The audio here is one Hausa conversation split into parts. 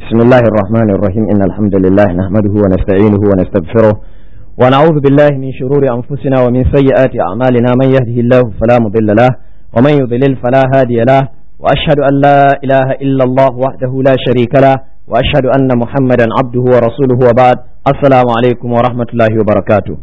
بسم الله الرحمن الرحيم إن الحمد لله نحمده ونستعينه ونستغفره ونعوذ بالله من شرور أنفسنا ومن سيئات أعمالنا من يهده الله فلا مضل له ومن يضلل فلا هادي له وأشهد أن لا إله إلا الله وحده لا شريك له وأشهد أن محمدا عبده ورسوله وبعد السلام عليكم ورحمة الله وبركاته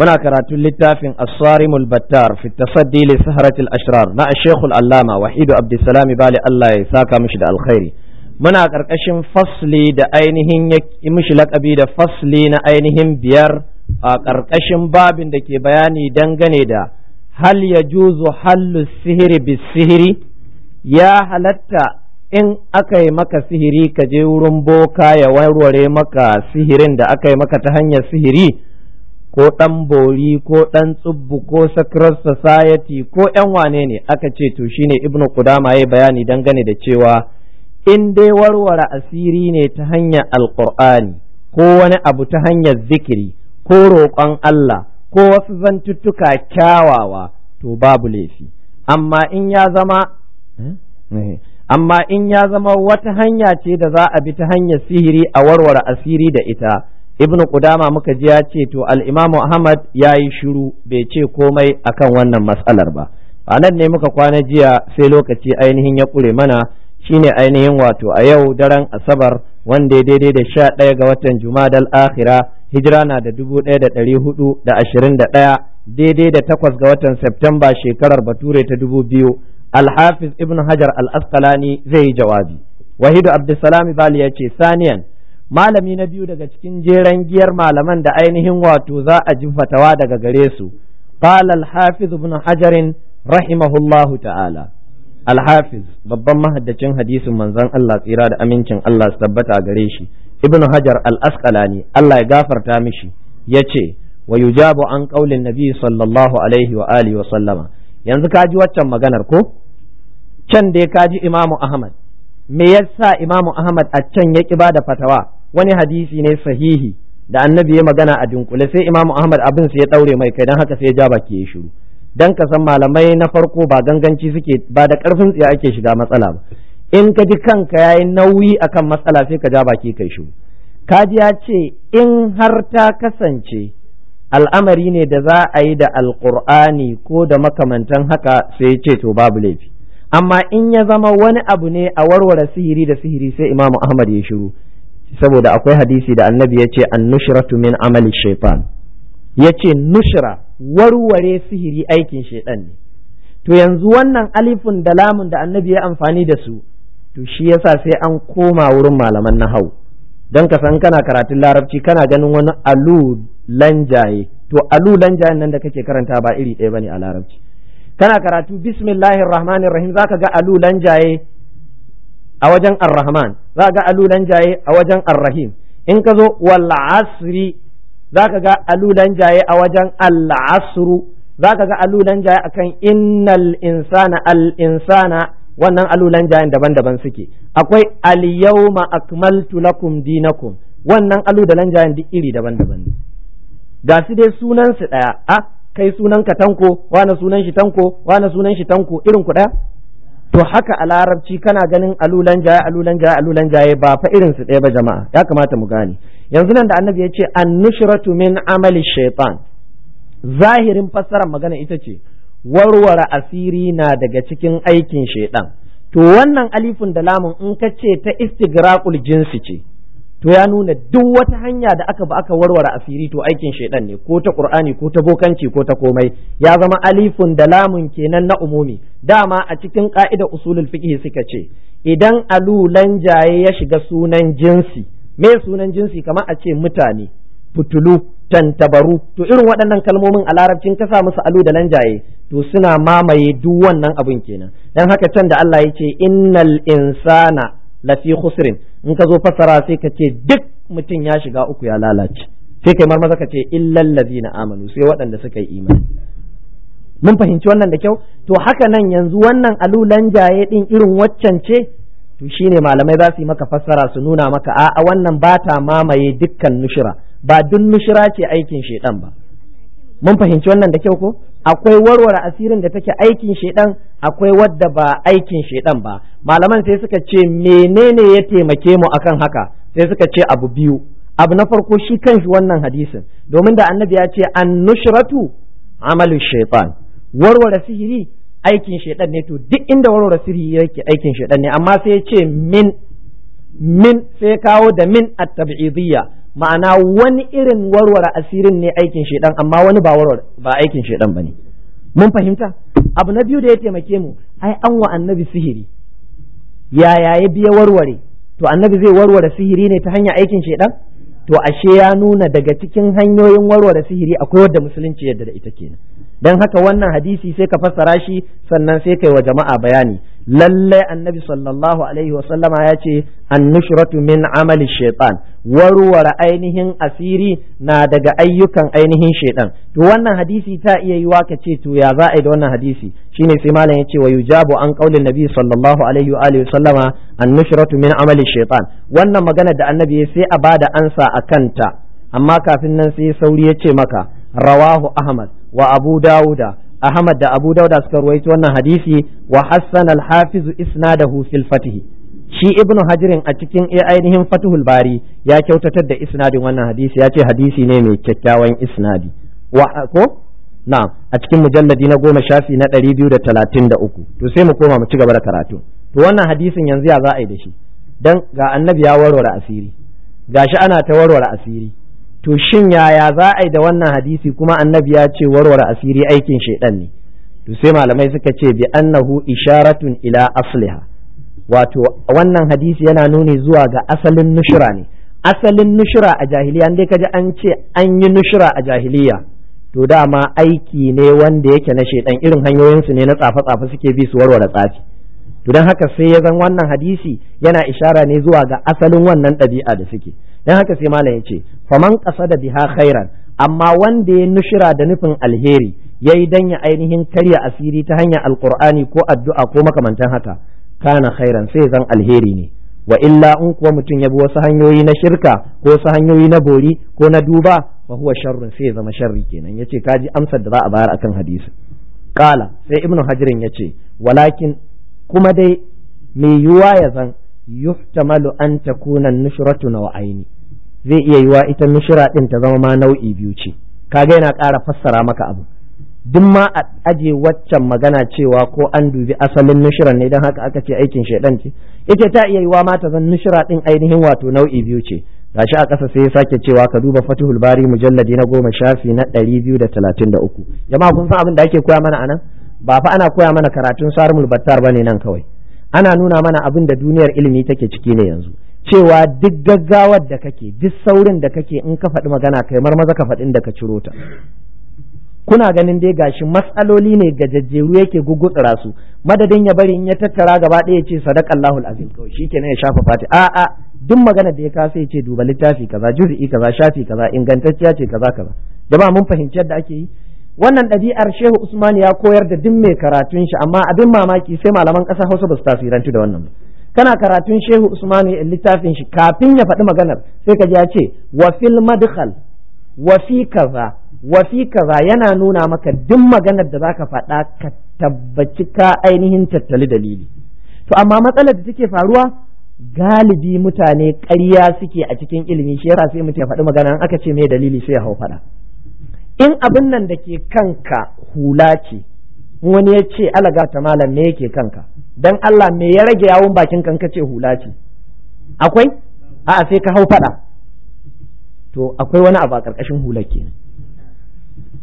muna karatun littafin asarimul battar fi tasaddi li saharatil ashrar na shekul allama wahidu abdulsalam bali Allah ya saka mishi da alkhairi muna ƙarƙashin fasli da ainihin ya mishi lakabi da fasli na ainihin biyar a ƙarƙashin babin da ke bayani dangane da hal ya juzu hallu sihiri bis sihiri ya halatta in aka yi maka sihiri ka je wurin boka ya warware maka sihirin da aka yi maka ta hanyar sihiri ko ɗan bori ko ɗan tsubbu ko sacred society ko ‘yan wane ne aka ce to shine ibnu kudama ya bayani dangane da cewa in dai warware asiri ne ta hanyar Alkur'ani ko wani abu ta hanyar zikiri ko roƙon Allah ko wasu zantuttuka kyawawa to babu laifi amma in ya zama eh? Eh. amma in ya zama wata hanya ce da za a bi ta hanyar sihiri a warware asiri da ita ibn qudama muka ji ya ce to al-imamu ahmad yayi shiru bai ce komai akan wannan matsalar ba a nan ne muka kwana jiya sai lokaci ainihin ya kure mana shine ainihin wato a yau daren asabar wanda ya daidai da sha ɗaya ga watan jumadal akhira hijira na da dubu ɗaya da ɗari hudu da ashirin da ɗaya daidai da takwas ga watan septemba shekarar bature ta dubu biyu alhafiz ibn hajar al-asqalani zai yi jawabi wahidu abdulsalam bali ya ce saniyan malami na biyu daga cikin jeren giyar malaman da ainihin wato za a ji fatawa daga gare su qala al-hafiz ibn hajarin rahimahullahu ta'ala alhafiz babban mahaddacin hadisin manzon Allah tsira da amincin Allah su tabbata gare shi ibnu hajar al-asqalani Allah ya gafarta mishi yace wa yujabu an qaulin nabi sallallahu alaihi wa alihi wa sallama yanzu kaji waccan maganar ko can dai kaji imamu ahmad me yasa imamu ahmad a can ya ki bada fatawa wani hadisi ne sahihi da annabi ya magana a dunkule sai imamu ahmad abin sai ya daure mai kai dan haka sai ya ja baki ya shiru dan ka san malamai na farko ba ganganci suke ba da karfin tsiya ake shiga matsala ba in ka ji kanka yayi nauyi akan matsala sai ka ja baki kai shi kaji ya ce in har ta kasance al'amari ne da za a yi da alqur'ani ko da makamantan haka sai ce to babu laifi amma in ya zama wani abu ne a warware sihiri da sihiri sai imamu ahmad ya shiru saboda akwai hadisi da annabi ya ce annushratu min amali shaitan ya ce nushira warware sihiri aikin shaidan ne to yanzu wannan alifin da lamun da annabi ya amfani da su to shi yasa sai an koma wurin malaman na hau don ka san kana karatun larabci kana ganin wani alu lanjaye to alu lanjaye nan da kake karanta ba iri ɗaya bane a larabci kana karatu bismillahir rahmanir rahim zaka ga alu lanjaye a wajen arrahman za ga alu lanjaye a wajen arrahim in ka zo wal asri za ka ga alulan jaye a wajen al'asuru za ka ga alulan jaye akan innal insana al'insana insana wannan alulan jayen daban-daban suke akwai al yawma akmaltu lakum dinakum wannan alulan jayen duk iri daban-daban ne ga su dai sunan su daya a ah, kai sunan ka tanko wani sunan shi tanko wani sunan shi tanko irin ku daya to haka a larabci kana ganin alulan jaye alulan jaye alulan jaye ba fa irin su ɗaya ba jama'a ya kamata mu gane yanzu nan da annabi ya ce annushratu min amali shaitan zahirin fassarar magana ita ce warware asiri na daga cikin aikin shaitan to wannan alifin da lamun in ka ce ta istigraqul jinsi ce to ya nuna duk wata hanya da aka ba aka warware asiri to aikin shaidan ne ko ta qur'ani ko ta bokanci ko ta komai ya zama alifun da lamun kenan na umumi dama a cikin ka'idar usulul fiqh suka ce idan alulan jaye ya shiga sunan jinsi me sunan jinsi kamar a ce mutane fitulu tantabaru to irin waɗannan kalmomin a larabcin ka sa musu alu da lanjaye to suna mamaye duk wannan abun kenan dan haka can da Allah ya ce innal insana lafi khusrin in ka zo fassara sai ka ce duk mutum ya shiga uku ya lalace sai kai marmaza ka ce illal ladina amanu sai waɗanda suka yi imani mun fahimci wannan da kyau to haka nan yanzu wannan alulan jaye din irin waccan ce to shine malamai za su yi maka fassara su nuna maka a'a wannan ba ta mamaye dukkan nushira ba duk nushira ce aikin shedan ba mun fahimci wannan da kyau ko akwai warware asirin da take aikin shedan akwai wadda ba aikin shedan ba malaman sai suka ce menene ya taimake mu akan haka sai suka ce abu biyu abu na farko shi kanshi wannan hadisin domin da annabi ya ce an nushratu amalu shaitan warware sihiri aikin shedan ne to duk inda warware sihiri yake aikin shedan ne amma sai ya ce min min sai kawo da min at-tab'idiyya ma'ana wani irin warware asirin ne aikin shaidan amma wani ba warware ba aikin shaidan bane mun fahimta abu na biyu da ya taimake mu ai an wa annabi sihiri yaya ya biya warware to annabi zai warware sihiri ne ta hanyar aikin shaidan to ashe ya nuna daga cikin hanyoyin warware sihiri akwai wadda musulunci yadda da ita kenan dan haka wannan hadisi sai ka fassara shi sannan sai kai wa jama'a bayani lalle annabi sallallahu alaihi wasallama ya ce annushratu min amali shaitan warware ainihin asiri na daga ayyukan ainihin shaitan to wannan hadisi ta iya yiwa ka ce to ya za a yi da wannan hadisi shine sai malam ya ce wa yujabu an qaulin nabi sallallahu alaihi wa alihi wasallama annushratu min amali shaitan wannan magana da annabi sai a bada ansa ta amma kafin nan sai sauri ya ce maka rawahu ahmad wa abu dawuda Ahmad da Abu Dauda suka ruwaito wannan hadisi wa Hassan al-Hafiz isnadahu fil fatih shi Ibn Hajirin a cikin ainihin Fathul Bari ya kyautatar da isnadin wannan hadisi ya ce hadisi ne mai kyakkyawan isnadi wa ko na'am a cikin mujalladi na goma shafi na 233 to sai mu koma mu ci gaba da karatu to wannan hadisin yanzu ya za a yi da shi dan ga annabi ya warware asiri gashi ana ta warware asiri to shin yaya za a yi da wannan hadisi kuma annabi ya ce warware asiri aikin shaidan ne to sai malamai suka ce bi annahu isharatun ila asliha wato wannan hadisi yana nuni zuwa ga asalin nushra ne asalin nushra a jahiliya dai kaji an ce an yi nushra a jahiliya to dama aiki ne wanda yake na shaidan irin hanyoyin su ne na tsafa-tsafa suke bi su warware tsafi to don haka sai ya zan wannan hadisi yana ishara ne zuwa ga asalin wannan ɗabi'a da suke dan haka sai malam yace faman qasada biha khairan amma wanda ya nushira da nufin alheri yayi dan ya ainihin karya asiri ta hanyar alqur'ani ko addu'a ko makamantan haka kana khairan sai zan alheri ne wa illa in kuwa mutum ya bi wasu hanyoyi na shirka ko wasu hanyoyi na bori ko na duba fa huwa sharrun sai zama sharri kenan yace kaji amsar da za a bayar akan hadisi qala sai ibnu hajirin yace walakin kuma dai me yuwa ya zan yuhtamalu an takuna nushratu aini. zai iya yiwa ita nushra din ta zama ma nau'i biyu ce kaga yana ƙara fassara maka abu duk ma a aje waccan magana cewa ko an dubi asalin nushra ne don haka aka ce aikin shaidan ce ita ta iya yiwa ma ta zan nushra din ainihin wato nau'i biyu ce gashi a ƙasa sai ya sake cewa ka duba fatihul bari mujalladi na goma shafi na ɗari biyu da talatin da uku jama'a kun san abin da ake koya mana anan ba fa ana koya mana karatun sarmul battar ne nan kawai ana nuna mana abin da duniyar ilimi take ciki ne yanzu cewa duk gaggawar da kake duk saurin da kake in ka faɗi magana kai marmaza ka faɗin da ka ciro ta kuna ganin dai gashi matsaloli ne gajajjeru yake gugutsura su madadin ya bari in ya tattara gaba ɗaya ce sadaqallahu alazim kawai shikenan ya shafa fati a a duk magana da ya kasa ya ce duba littafi kaza juz'i kaza shafi kaza ingantacciya ce kaza kaza jama'a mun fahimci yadda ake yi wannan ɗabi'ar shehu usman ya koyar da duk mai karatun shi amma abin mamaki sai malaman ƙasa hausa ba su tasirantu da wannan kana karatun shehu usman ya littafin shi kafin ya faɗi maganar sai ka ji ya ce wa fil madkhal wa fi kaza wa fi kaza yana nuna maka duk maganar da zaka faɗa ka tabbaci ka ainihin tattali dalili to amma matsalar da take faruwa galibi mutane ƙarya suke a cikin ilimi shi yasa sai mutum ya faɗi magana an aka ce mai dalili sai ya hau faɗa in abin nan da ke kanka hula ce wani ya ce alaga ta malam me yake kanka dan Allah me ya rage yawon bakin kanka ce hula ce akwai a sai ka hau fada to akwai wani abu a karkashin hular kenan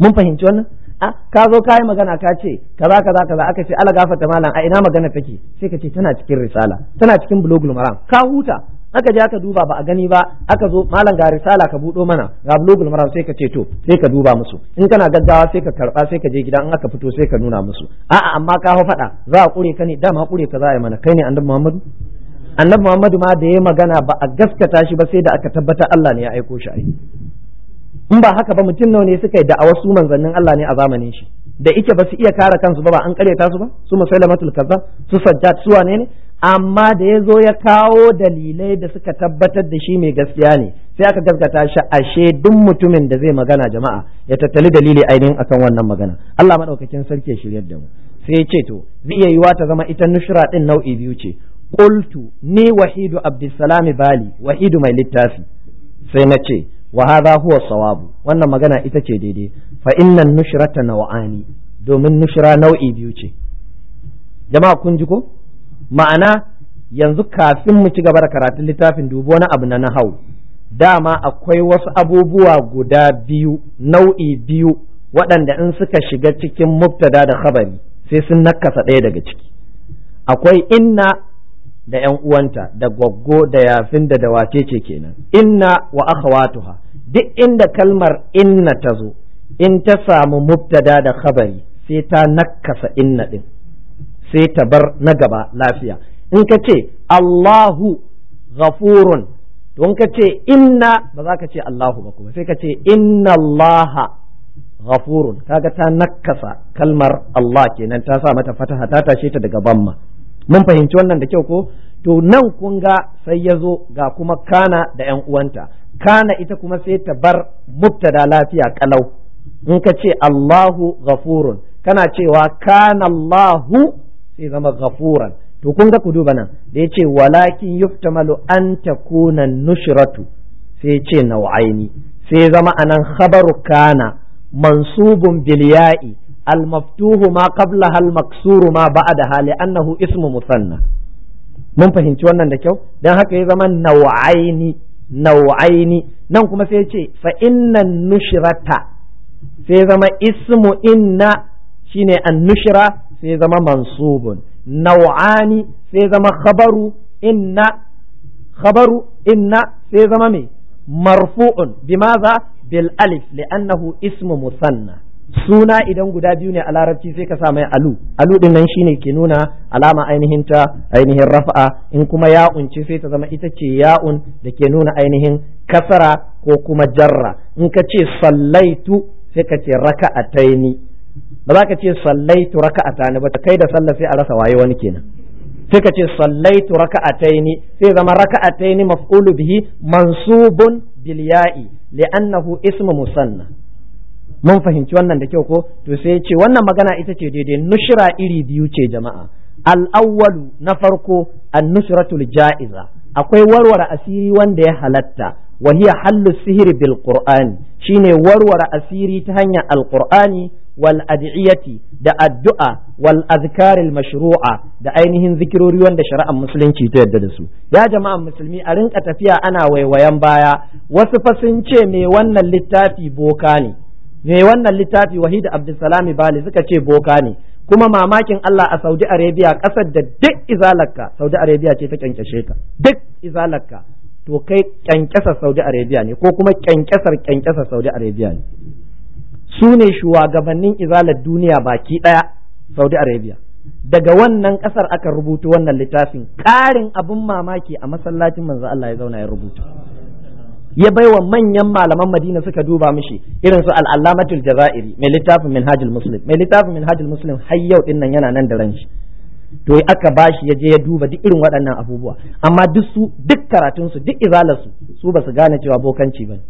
mun fahimci wannan a ka zo ka yi magana ka ce kaza kaza kaza aka ce alaga ta malam a ina magana take sai ka ce tana cikin risala tana cikin bulogul maram ka huta aka je aka duba ba a gani ba aka zo malam ga risala ka buɗo mana ga global maram sai ka ce to sai ka duba musu in kana gaggawa sai ka karba sai ka je gida in aka fito sai ka nuna musu a'a amma ka faɗa za a kure ka ne dama kure ka za a yi mana kai ne annabi Muhammadu annabi Muhammadu ma da ya magana ba a gaskata shi ba sai da aka tabbatar Allah ne ya aiko shi ai in ba haka ba mutum nawa ne suka yi a wasu manzannin Allah ne a zamanin shi da ike ba su iya kare kansu ba ba an ta su ba su musailamatul kaza su sajjat su wane ne amma da ya zo ya kawo dalilai da suka tabbatar da shi mai gaskiya ne sai aka gaskata shi ashe duk mutumin da zai magana jama'a ya tattali dalili ainihin akan wannan magana Allah madaukakin sarki ya shiryar da mu sai ya ce to zai iya yiwa ta zama ita nushra ɗin nau'i biyu ce qultu ni wahidu abdussalam bali wahidu mai littafi sai na ce wa hadha huwa sawabu wannan magana ita ce daidai fa innan nushrata naw'ani domin nushra nau'i biyu ce jama'a kun ji ko ma'ana yanzu kafin mu ci gaba da karatun littafin dubu wani abu na nahau dama akwai wasu abubuwa guda biyu nau'i biyu waɗanda in suka shiga cikin mubtada da khabari sai sun nakasa ɗaya daga ciki akwai inna da ‘yan uwanta da gwaggo da yafin da dawace ce kenan inna wa akhawatuha duk inda kalmar inna ta zo in ta samu mubtada da khabari sai ta nakasa inna din. sai ta bar na gaba lafiya in ka ce Allahu ghafurun to in ka ce inna ba za ka ce Allahu ba kuma sai ka ce inna Allah ghafurun kaga ta nakasa kalmar Allah kenan ta sa mata fataha ta tashe ta daga bamma mun fahimci wannan da kyau ko to nan kun ga sai ya zo ga kuma kana da ‘yan uwanta, kana ita kuma sai ta bar mubtada lafiya kalau in ka ce Allahu ghafurun kana cewa kana Allahu sai zama ghafuran to kun ga ku duba nan da yace walakin yuftamalu an takuna nushratu sai ce nau'aini sai zama anan khabaru kana mansubun bil ya'i al maftuhu ma qabla hal maksuru ma ba'da hali, annahu ismu musanna mun fahimci wannan da kyau dan haka ya zama nau'aini nau'aini nan kuma sai yace fa innan nushrata sai zama ismu inna shine an nushra sai zama mansubun nau'ani sai zama khabaru inna khabaru inna sai zama mai marfu'un bimaza bil alif li'annahu ismu musanna suna idan guda biyu ne a larabci sai ka sa mai alu alu din nan shine ke nuna alama ainihin ta ainihin rafa'a in kuma ya'un ce sai ta zama ita ce ya'un da ke nuna ainihin kasara ko kuma jarra in ka ce sallaitu sai ka ce raka'ataini ba za ka ce sallaitu raka'atani ba ta kai da sallah sai a rasa waye wani kenan sai ka ce sallaitu raka'ataini sai zama raka'ataini maf'ulu bihi mansubun bil ya'i li'annahu ismu musanna mun fahimci wannan da kyau ko to sai ce wannan magana ita ce daidai nushra iri biyu ce jama'a al-awwalu na farko an-nusratul ja'iza akwai warware asiri wanda ya halatta wa hiya hallu sihiri bil qur'ani shine warware asiri ta hanyar al-qur'ani wal da addu'a wal azkaril mashru'a da ainihin zikirori wanda shari'ar musulunci ta yadda da su ya jama'an musulmi a rinka tafiya ana waiwayan baya wasu fa sun ce me wannan littafi boka ne me wannan littafi wahid abdulsalami bali suka ce boka ne kuma mamakin Allah a Saudi Arabia kasar da duk izalarka Saudi Arabia ce ta kyankyashe ka duk izalarka to kai kyankyasar Saudi Arabia ne ko kuma kyankyasar kyankyasar Saudi Arabia ne su ne shugabannin izalar duniya baki ɗaya saudi arabia daga wannan ƙasar aka rubuta wannan littafin ƙarin abun mamaki a masallacin manzo Allah ya zauna ya rubuta ya baiwa manyan malaman Madina suka duba mishi irin su al-Allamatul Jazairi mai littafin Minhajul Muslim mai littafin Minhajul Muslim har yau din nan yana nan da ranshi to aka bashi ya je ya duba duk irin waɗannan abubuwa amma duk su duk karatun su duk izalar su su ba su gane cewa bokanci bane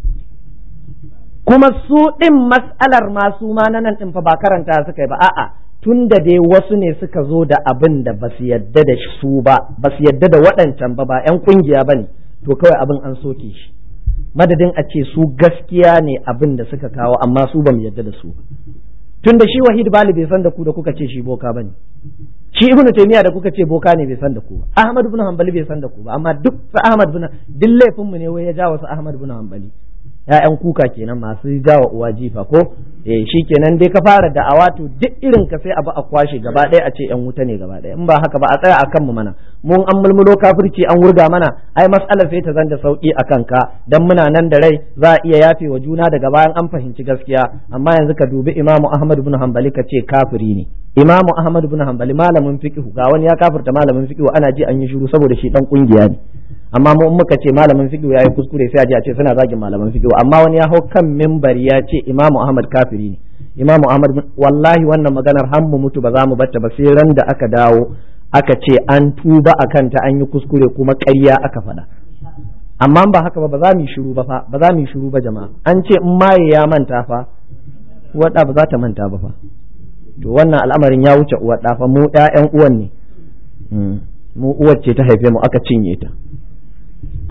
kuma su ɗin mas'alar masu ma na nan ɗin fa ba karanta suka yi ba a'a tun da dai wasu ne suka zo da abin da ba su yadda da su ba ba su yadda da waɗancan ba ba ƴan ƙungiya ba ne to kawai abin an soke shi madadin a ce su gaskiya ne abin da suka kawo amma su ba mu yadda da su tun da shi wahid bali bai san da ku da kuka ce shi boka ba ne shi ibnu taymiya da kuka ce boka ne bai san da ku ba ahmad ibn hanbali bai san da ku ba amma duk ahmad ibn duk laifin mu ne wai ya ja wasu ahmad ibn hanbali 'ya'yan kuka kenan masu gawa uwa jifa ko eh kenan dai ka fara da to duk irin ka sai abu a kwashe gaba ɗaya a ce yan wuta ne gaba ɗaya in ba haka ba a tsaya akan mu mana mun an mulmulo kafirci an wurga mana ai mas'alar sai ta zanda sauki akan ka dan muna nan da rai za a iya yafe wa juna daga bayan an fahimci gaskiya amma yanzu ka dubi imamu ahmad ibn hanbali ka ce kafiri ne imamu ahmad ibn hanbali malamin fiqh ga wani ya kafirta malamin fiqh ana ji an yi shiru saboda shi dan kungiya ne amma mu muka ce malamin fiqh yayi yi kuskure sai a ji a ce suna zagin malaman fiqh amma wani ya hau kan mimbari ya ce imamu ahmad kafiri ne imamu ahmad wallahi wannan maganar har mu mutu ba za mu batta ba sai ran da aka dawo aka ce an tuba a kanta an yi kuskure kuma ƙarya aka faɗa amma ba haka ba ba za mu shiru ba fa ba za mu shiru ba jama'a an ce in maye ya manta fa uwarɗa ba za ta manta ba fa to wannan al'amarin ya wuce uwarɗa fa mu ɗayan uwan ne hmm, mu uwar ce ta haife mu aka cinye ta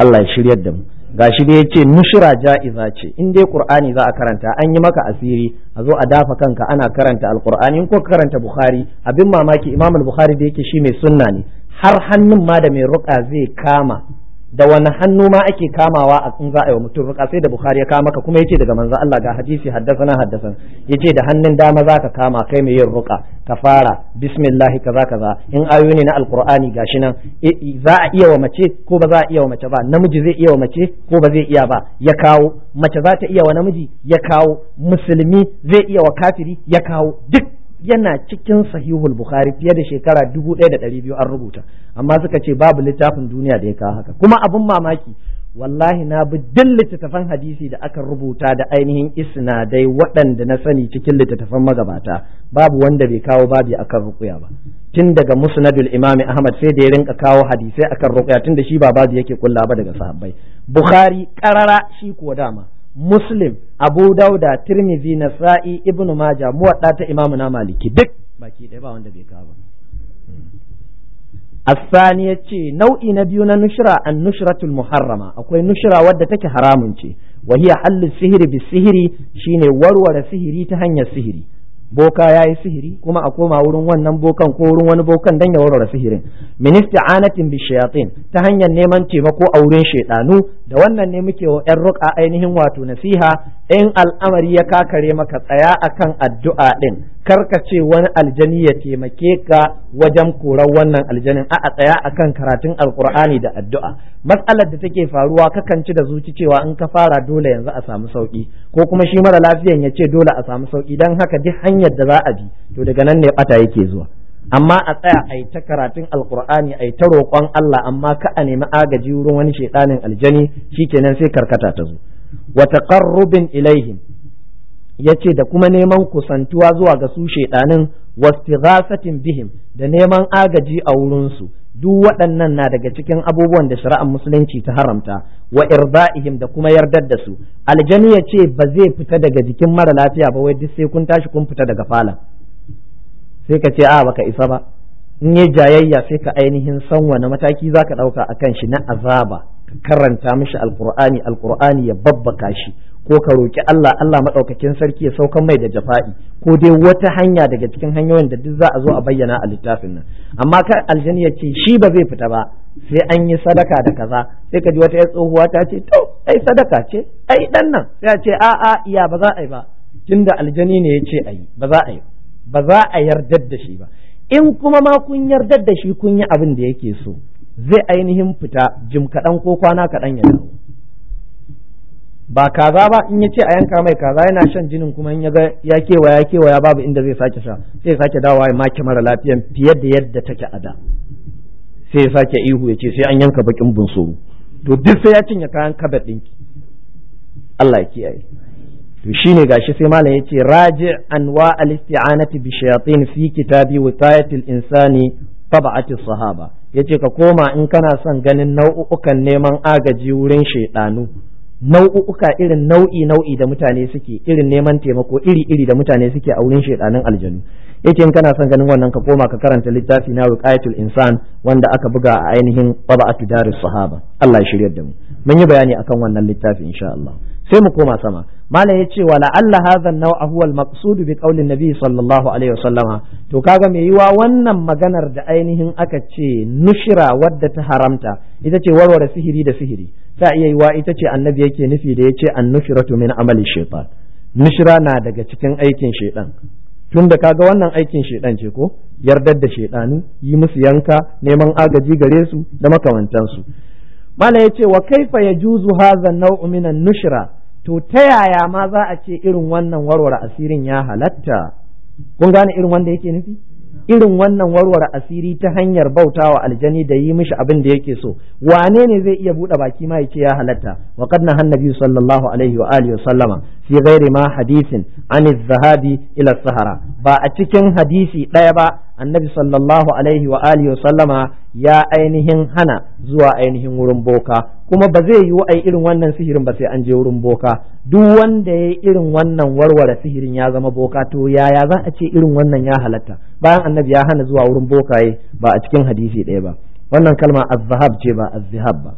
Allah ya shirya da mu gashi dai yace nushra ja'iza ce in dai qur'ani za a karanta an yi maka asiri a zo a dafa kanka ana karanta alqur'ani in ko karanta bukhari abin mamaki imam al-bukhari da yake shi mai sunna ne har hannun ma da mai ruqa zai kama da wani hannu ma ake kamawa a in za a yi wa mutum ruka sai da bukhari ya kama ka kuma yace daga manzo Allah ga hadisi haddasana haddasana yace da hannun dama za ka kama kai mai yin ruka ka fara bismillah kaza kaza in ayoyi na alqur'ani gashi nan e, e, za a iya wa mace ko ba za a iya wa mace ba namiji zai iya wa mace ko ba zai iya ba ya kawo mace za ta iya wa namiji ya kawo musulmi zai iya wa kafiri ya kawo duk yana cikin sahihul bukhari fiye da shekara dubu ɗaya da ɗari biyu an rubuta amma suka ce babu littafin duniya da ya kawo haka kuma abin mamaki wallahi na bi duk littattafan hadisi da aka rubuta da ainihin isnadai waɗanda na sani cikin littattafan magabata babu wanda bai kawo babi akan rukuya ba tun daga musnadul imami ahmad sai da ya rinka kawo hadisai akan rukuya tun da shi ba babu yake kulla ba daga sahabbai bukhari karara shi kuwa dama muslim abu dauda tirmidhi nasa'i ibnu maja muwadda ta imamu na maliki duk baki ɗaya ba wanda bai kawo asani ya ce nau'i na biyu na nushra an nushratul muharrama akwai nushra wadda take haramun ce wa hiya hallu sihiri bi sihiri shine warware sihiri ta hanyar sihiri boka ya yi sihiri kuma a koma wurin wannan bokan ko wurin wani bokan dan ya warware sihirin minista anatin bi shayatin ta hanyar neman taimako a wurin shaidanu da wannan ne muke wa yan ruka ainihin wato nasiha in al'amari ya kakare maka tsaya akan addu'a ɗin. ce wani aljani ya taimake ka wajen korar wannan aljanin a a tsaya akan karatun alkur'ani da addu'a matsalar da take faruwa kakan ci da zuci cewa in ka fara dole yanzu a samu sauki ko kuma shi mara lafiyan ya ce dole a samu sauki Don haka duk hanyar da za a bi to daga nan ne bata yake zuwa amma a tsaya a yi ta karatun alkur'ani a yi ta roƙon Allah amma ka a nemi agaji wurin wani shekanin aljani shi shikenan sai karkata ta zo wa taqarrubin ilaihim yace da kuma neman kusantuwa zuwa ga su shaidanin wastighasatin bihim da neman agaji a wurinsu duk waɗannan na daga cikin abubuwan da shari'ar musulunci ta haramta wa irba'ihim da kuma yardar da su aljani ya ce ba zai fita daga jikin mara lafiya ba wai duk sai kun tashi kun fita daga falon. sai ka ce a baka isa ba in yi jayayya sai ka ainihin san wani mataki za ka ɗauka a kan shi na azaba ka karanta mishi alkur'ani alkur'ani ya babbaka shi ko ka roki Allah Allah madaukakin sarki ya saukan mai da jafa'i ko dai wata hanya daga cikin hanyoyin da duk za a zo a bayyana a littafin nan amma kar aljani ya ce shi ba zai fita ba sai an yi sadaka da kaza sai ka ji wata yar tsohuwa ta ce to ai sadaka ce ai dan nan sai a ce a a iya ba za a yi ba tunda aljani ne ya ce a yi ba za a yi ba za a yarda da shi ba in kuma ma kun yarda da shi kun yi abin da yake so zai ainihin fita jim kaɗan ko kwana kaɗan ya dawo ba kaza ba in yace a yanka mai kaza yana shan jinin kuma in ya ga ya kewa ya kewa ya babu inda zai sake sha sai sake dawowa ya mara lafiyan fiye da yadda take a da sai ya sake ihu ya ce sai an yanka bakin bunso. to duk sai ya cinye kayan kabad ɗinki Allah ya kiyaye to shine gashi sai malam yace raji anwa al-isti'anati bi shayatin fi kitabi wiqayati al-insani tab'ati sahaba yace ka koma in kana son ganin nau'ukan neman agaji wurin shaidanu nau'uka irin nau'i nau'i da mutane suke irin neman taimako iri iri da mutane suke a wurin shaidanin aljanu yake in kana son ganin wannan ka koma ka karanta littafi na ruqayatul insan wanda aka buga a ainihin tabatu darus sahaba Allah ya shiryar da mu mun yi bayani akan wannan littafi insha Allah sai mu koma sama malam ya ce wala Allah hadha an-naw'a huwa al-maqsud bi qawli nabi sallallahu alaihi wasallama to kaga me yiwa wannan maganar da ainihin aka ce nushira wadda ta haramta ita ce warware sihiri da sihiri ta iya yiwa ita ce annabi yake nufi da ya ce yace annufiratu min amali shaitan nushra na daga cikin aikin shaitan tun da kaga wannan aikin shaidan ce ko yardar da shaidanu yi musu yanka neman agaji gare su da makamantansu mala ya ce wa kaifa ya juzu haza nau'u minan nushra to ta yaya ma za a ce irin wannan warware asirin ya halatta kun gane irin wanda yake nufi irin wannan warware asiri ta hanyar bautawa aljani da yi mishi abin da yake so wane ne zai iya buɗe baki ma yace ya halatta wa qad nahan nabi sallallahu alaihi wa alihi sallama fi ghairi ma hadisin an zahabi ila sahara ba a cikin hadisi daya ba annabi sallallahu alaihi wa alihi sallama ya ainihin hana zuwa ainihin wurin boka kuma ba zai yi wa'ai irin wannan sihirin ba sai an je wurin boka duk wanda ya yi irin wannan warware sihirin ya zama boka to yaya za a ce irin wannan ya halatta bayan annabi ya hana zuwa wurin bokaye ba a cikin hadisi ɗaya ba wannan kalma az ce ba az ba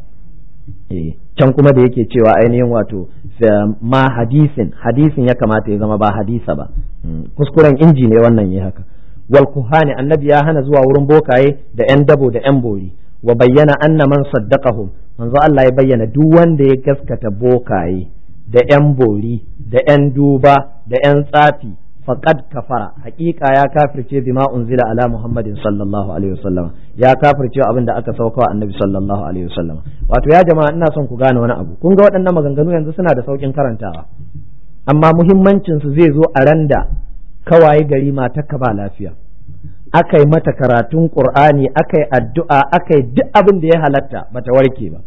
eh, can kuma da yake cewa ainihin wato eh, ma hadisin hadisin ya kamata ya zama ba hadisa ba hmm, kuskuren inji ne wannan ya haka wal kuhani annabi ya hana zuwa wurin bokaye da yan dabo da yan bori wa bayyana anna man saddaqahum manzo Allah ya bayyana duk wanda ya gaskata bokaye da yan bori da yan duba da yan tsafi faqad kafara haƙiƙa ya kafirce bima unzila ala muhammadin sallallahu alaihi wasallam ya kafirce abin da aka sauka annabi sallallahu alaihi wasallam wato ya jama'a ina son ku gane wani abu kun ga waɗannan maganganu yanzu suna da saukin karantawa amma muhimmancin su zai zo a randa kawaye gari ka ba lafiya aka yi mata karatun ƙur'ani aka addu'a aka duk abin da ya halatta bata warke ba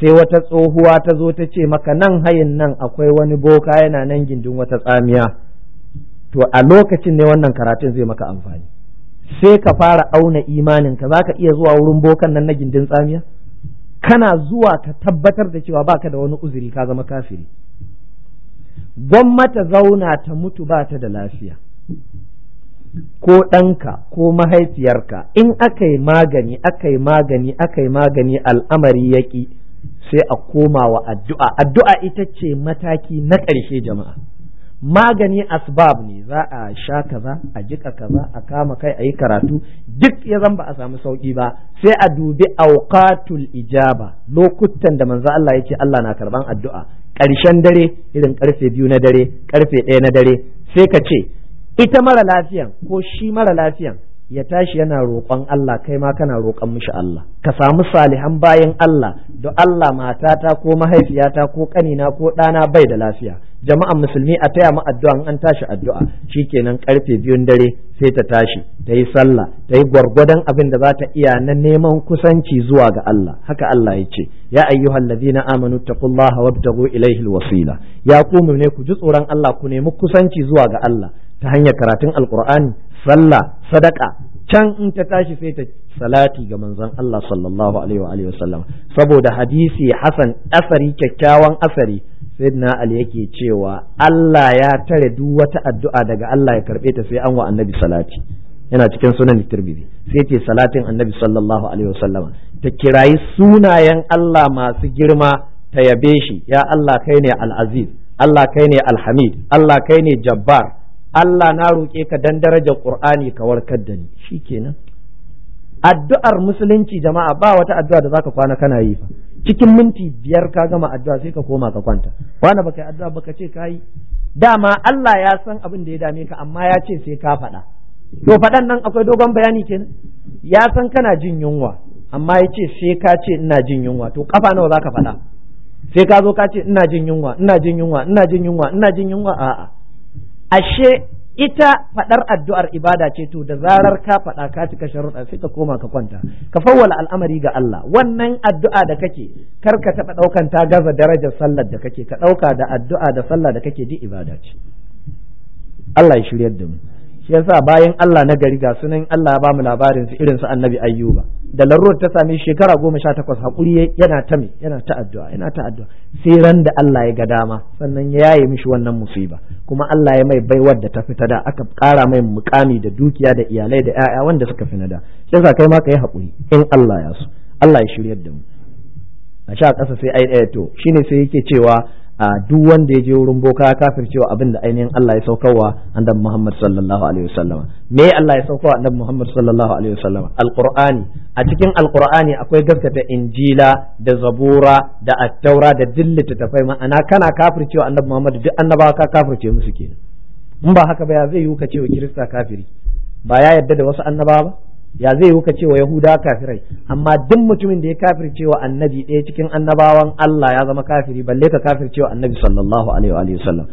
sai wata tsohuwa ta zo ta ce maka nan hayin nan akwai wani boka yana nan gindin wata tsamiya to a lokacin ne wannan karatun zai maka amfani sai ka fara auna imanin ka zaka iya zuwa wurin bokan nan na gindin tsamiya kana zuwa ka tabbatar da cewa baka da wani uzuri ka zama kafiri gwamnata zauna ta mutu ba ta da lafiya ko ɗanka ko mahaifiyarka in aka yi magani aka yi magani aka yi magani al'amari yaƙi sai a koma wa addu'a addu'a ita ce mataki na ƙarshe jama'a magani asbab ne za a sha kaza a jika kaza a kama kai a yi karatu duk ya zan ba a samu sauƙi ba sai a dubi auqatul ijaba lokutan da manzo Allah ya Allah na karban addu'a ƙarshen dare irin ƙarfe biyu na dare ƙarfe ɗaya na dare sai ka ce ita mara lafiyan ko shi mara lafiyan ya tashi yana roƙon Allah kai ma kana roƙon mishi Allah ka samu salihan bayan Allah da Allah matata ko mahaifiyata ko ƙanina ko ɗana bai da lafiya jama'an musulmi a taya mu addu'a an tashi addu'a shikenan karfe biyun dare sai ta tashi ta yi sallah ta yi gwargwadon abin da za ta iya na neman kusanci zuwa ga Allah haka Allah ya ce ya ayyuhal ladina amanu taqullaha wabtagu ilaihi alwasila ya ku ne ku ji tsoron Allah ku nemi kusanci zuwa ga Allah ta hanyar karatun alqur'ani sallah sadaka can in ta tashi sai ta salati ga manzon Allah sallallahu alaihi wa alihi wasallam saboda hadisi hasan asari kyakkyawan asari sayyidina ali yake cewa Allah ya tare duk wata addu'a daga Allah ya karbe ta sai an wa annabi salati yana cikin sunan tirmidhi sai ce salatin annabi sallallahu alaihi wasallama ta kirayi sunayen Allah masu girma ta yabe shi ya Allah kai ne al-aziz Allah kai ne al-hamid Allah kai ne jabbar Allah na roƙe ka dan darajar Qur'ani ka warkar da ni shikenan addu'ar musulunci jama'a ba wata addu'a da zaka kwana kana yi fa cikin minti biyar ka gama addu'a sai ka koma ka kwanta wani baka yi addu'a baka ce ka yi dama Allah ya san abin da ya dame ka amma ya ce sai ka faɗa to faɗan nan akwai dogon bayani ke ya san kana jin yunwa amma ya ce sai ka ce ina jin yunwa to kafa nawa zaka faɗa sai ka zo ka ce ina jin yunwa ina jin yunwa ina jin yunwa ina jin yunwa a'a ashe ita faɗar addu'ar ibada ce to da zarar ka faɗa ka cika sharuɗa sai ka koma ka kwanta ka fawwala al'amari ga Allah wannan addu'a da kake kar ka taɓa ɗaukan ta gaza darajar sallar da kake ka ɗauka da addu'a da sallah da kake duk ibada ce Allah ya shiryar da mu shi yasa bayan Allah na gari ga sunan Allah ya ba mu labarin su irin su Annabi Ayyuba da larurar ta same shekara goma sha takwas haƙuri yana ta yana ta addu'a yana ta addu'a sai ran da Allah ya ga dama sannan ya yaye mishi wannan musiba kuma Allah ya mai baiwar da ta fita da aka ƙara mai mukami da dukiya da iyalai da 'ya'ya wanda suka fi nada shi yasa kai ma ka yi haƙuri in Allah ya so Allah ya shiryar da mu a sha ƙasa sai ai eh, to shine sai yake cewa duk wanda ya je wurin boka ya kafir cewa abin da ainihin Allah ya saukarwa annabi Muhammad sallallahu alaihi wasallam me Allah ya saukarwa annabi Muhammad sallallahu alaihi wasallam alqur'ani a cikin alqur'ani akwai gaskata injila da zabura da attaura da dillita tafai ma'ana kana kafir cewa annabi Muhammad duk annaba ka kafir ce musu kenan in ba haka ba ya zai yi ka cewa kirista kafiri ba ya yadda da wasu annaba ba ya zai yi cewa yahuda kafirai amma duk mutumin da ya kafirce wa annabi ɗaya cikin annabawan Allah ya zama kafiri balle ka kafirce wa annabi sallallahu alaihi wa sallam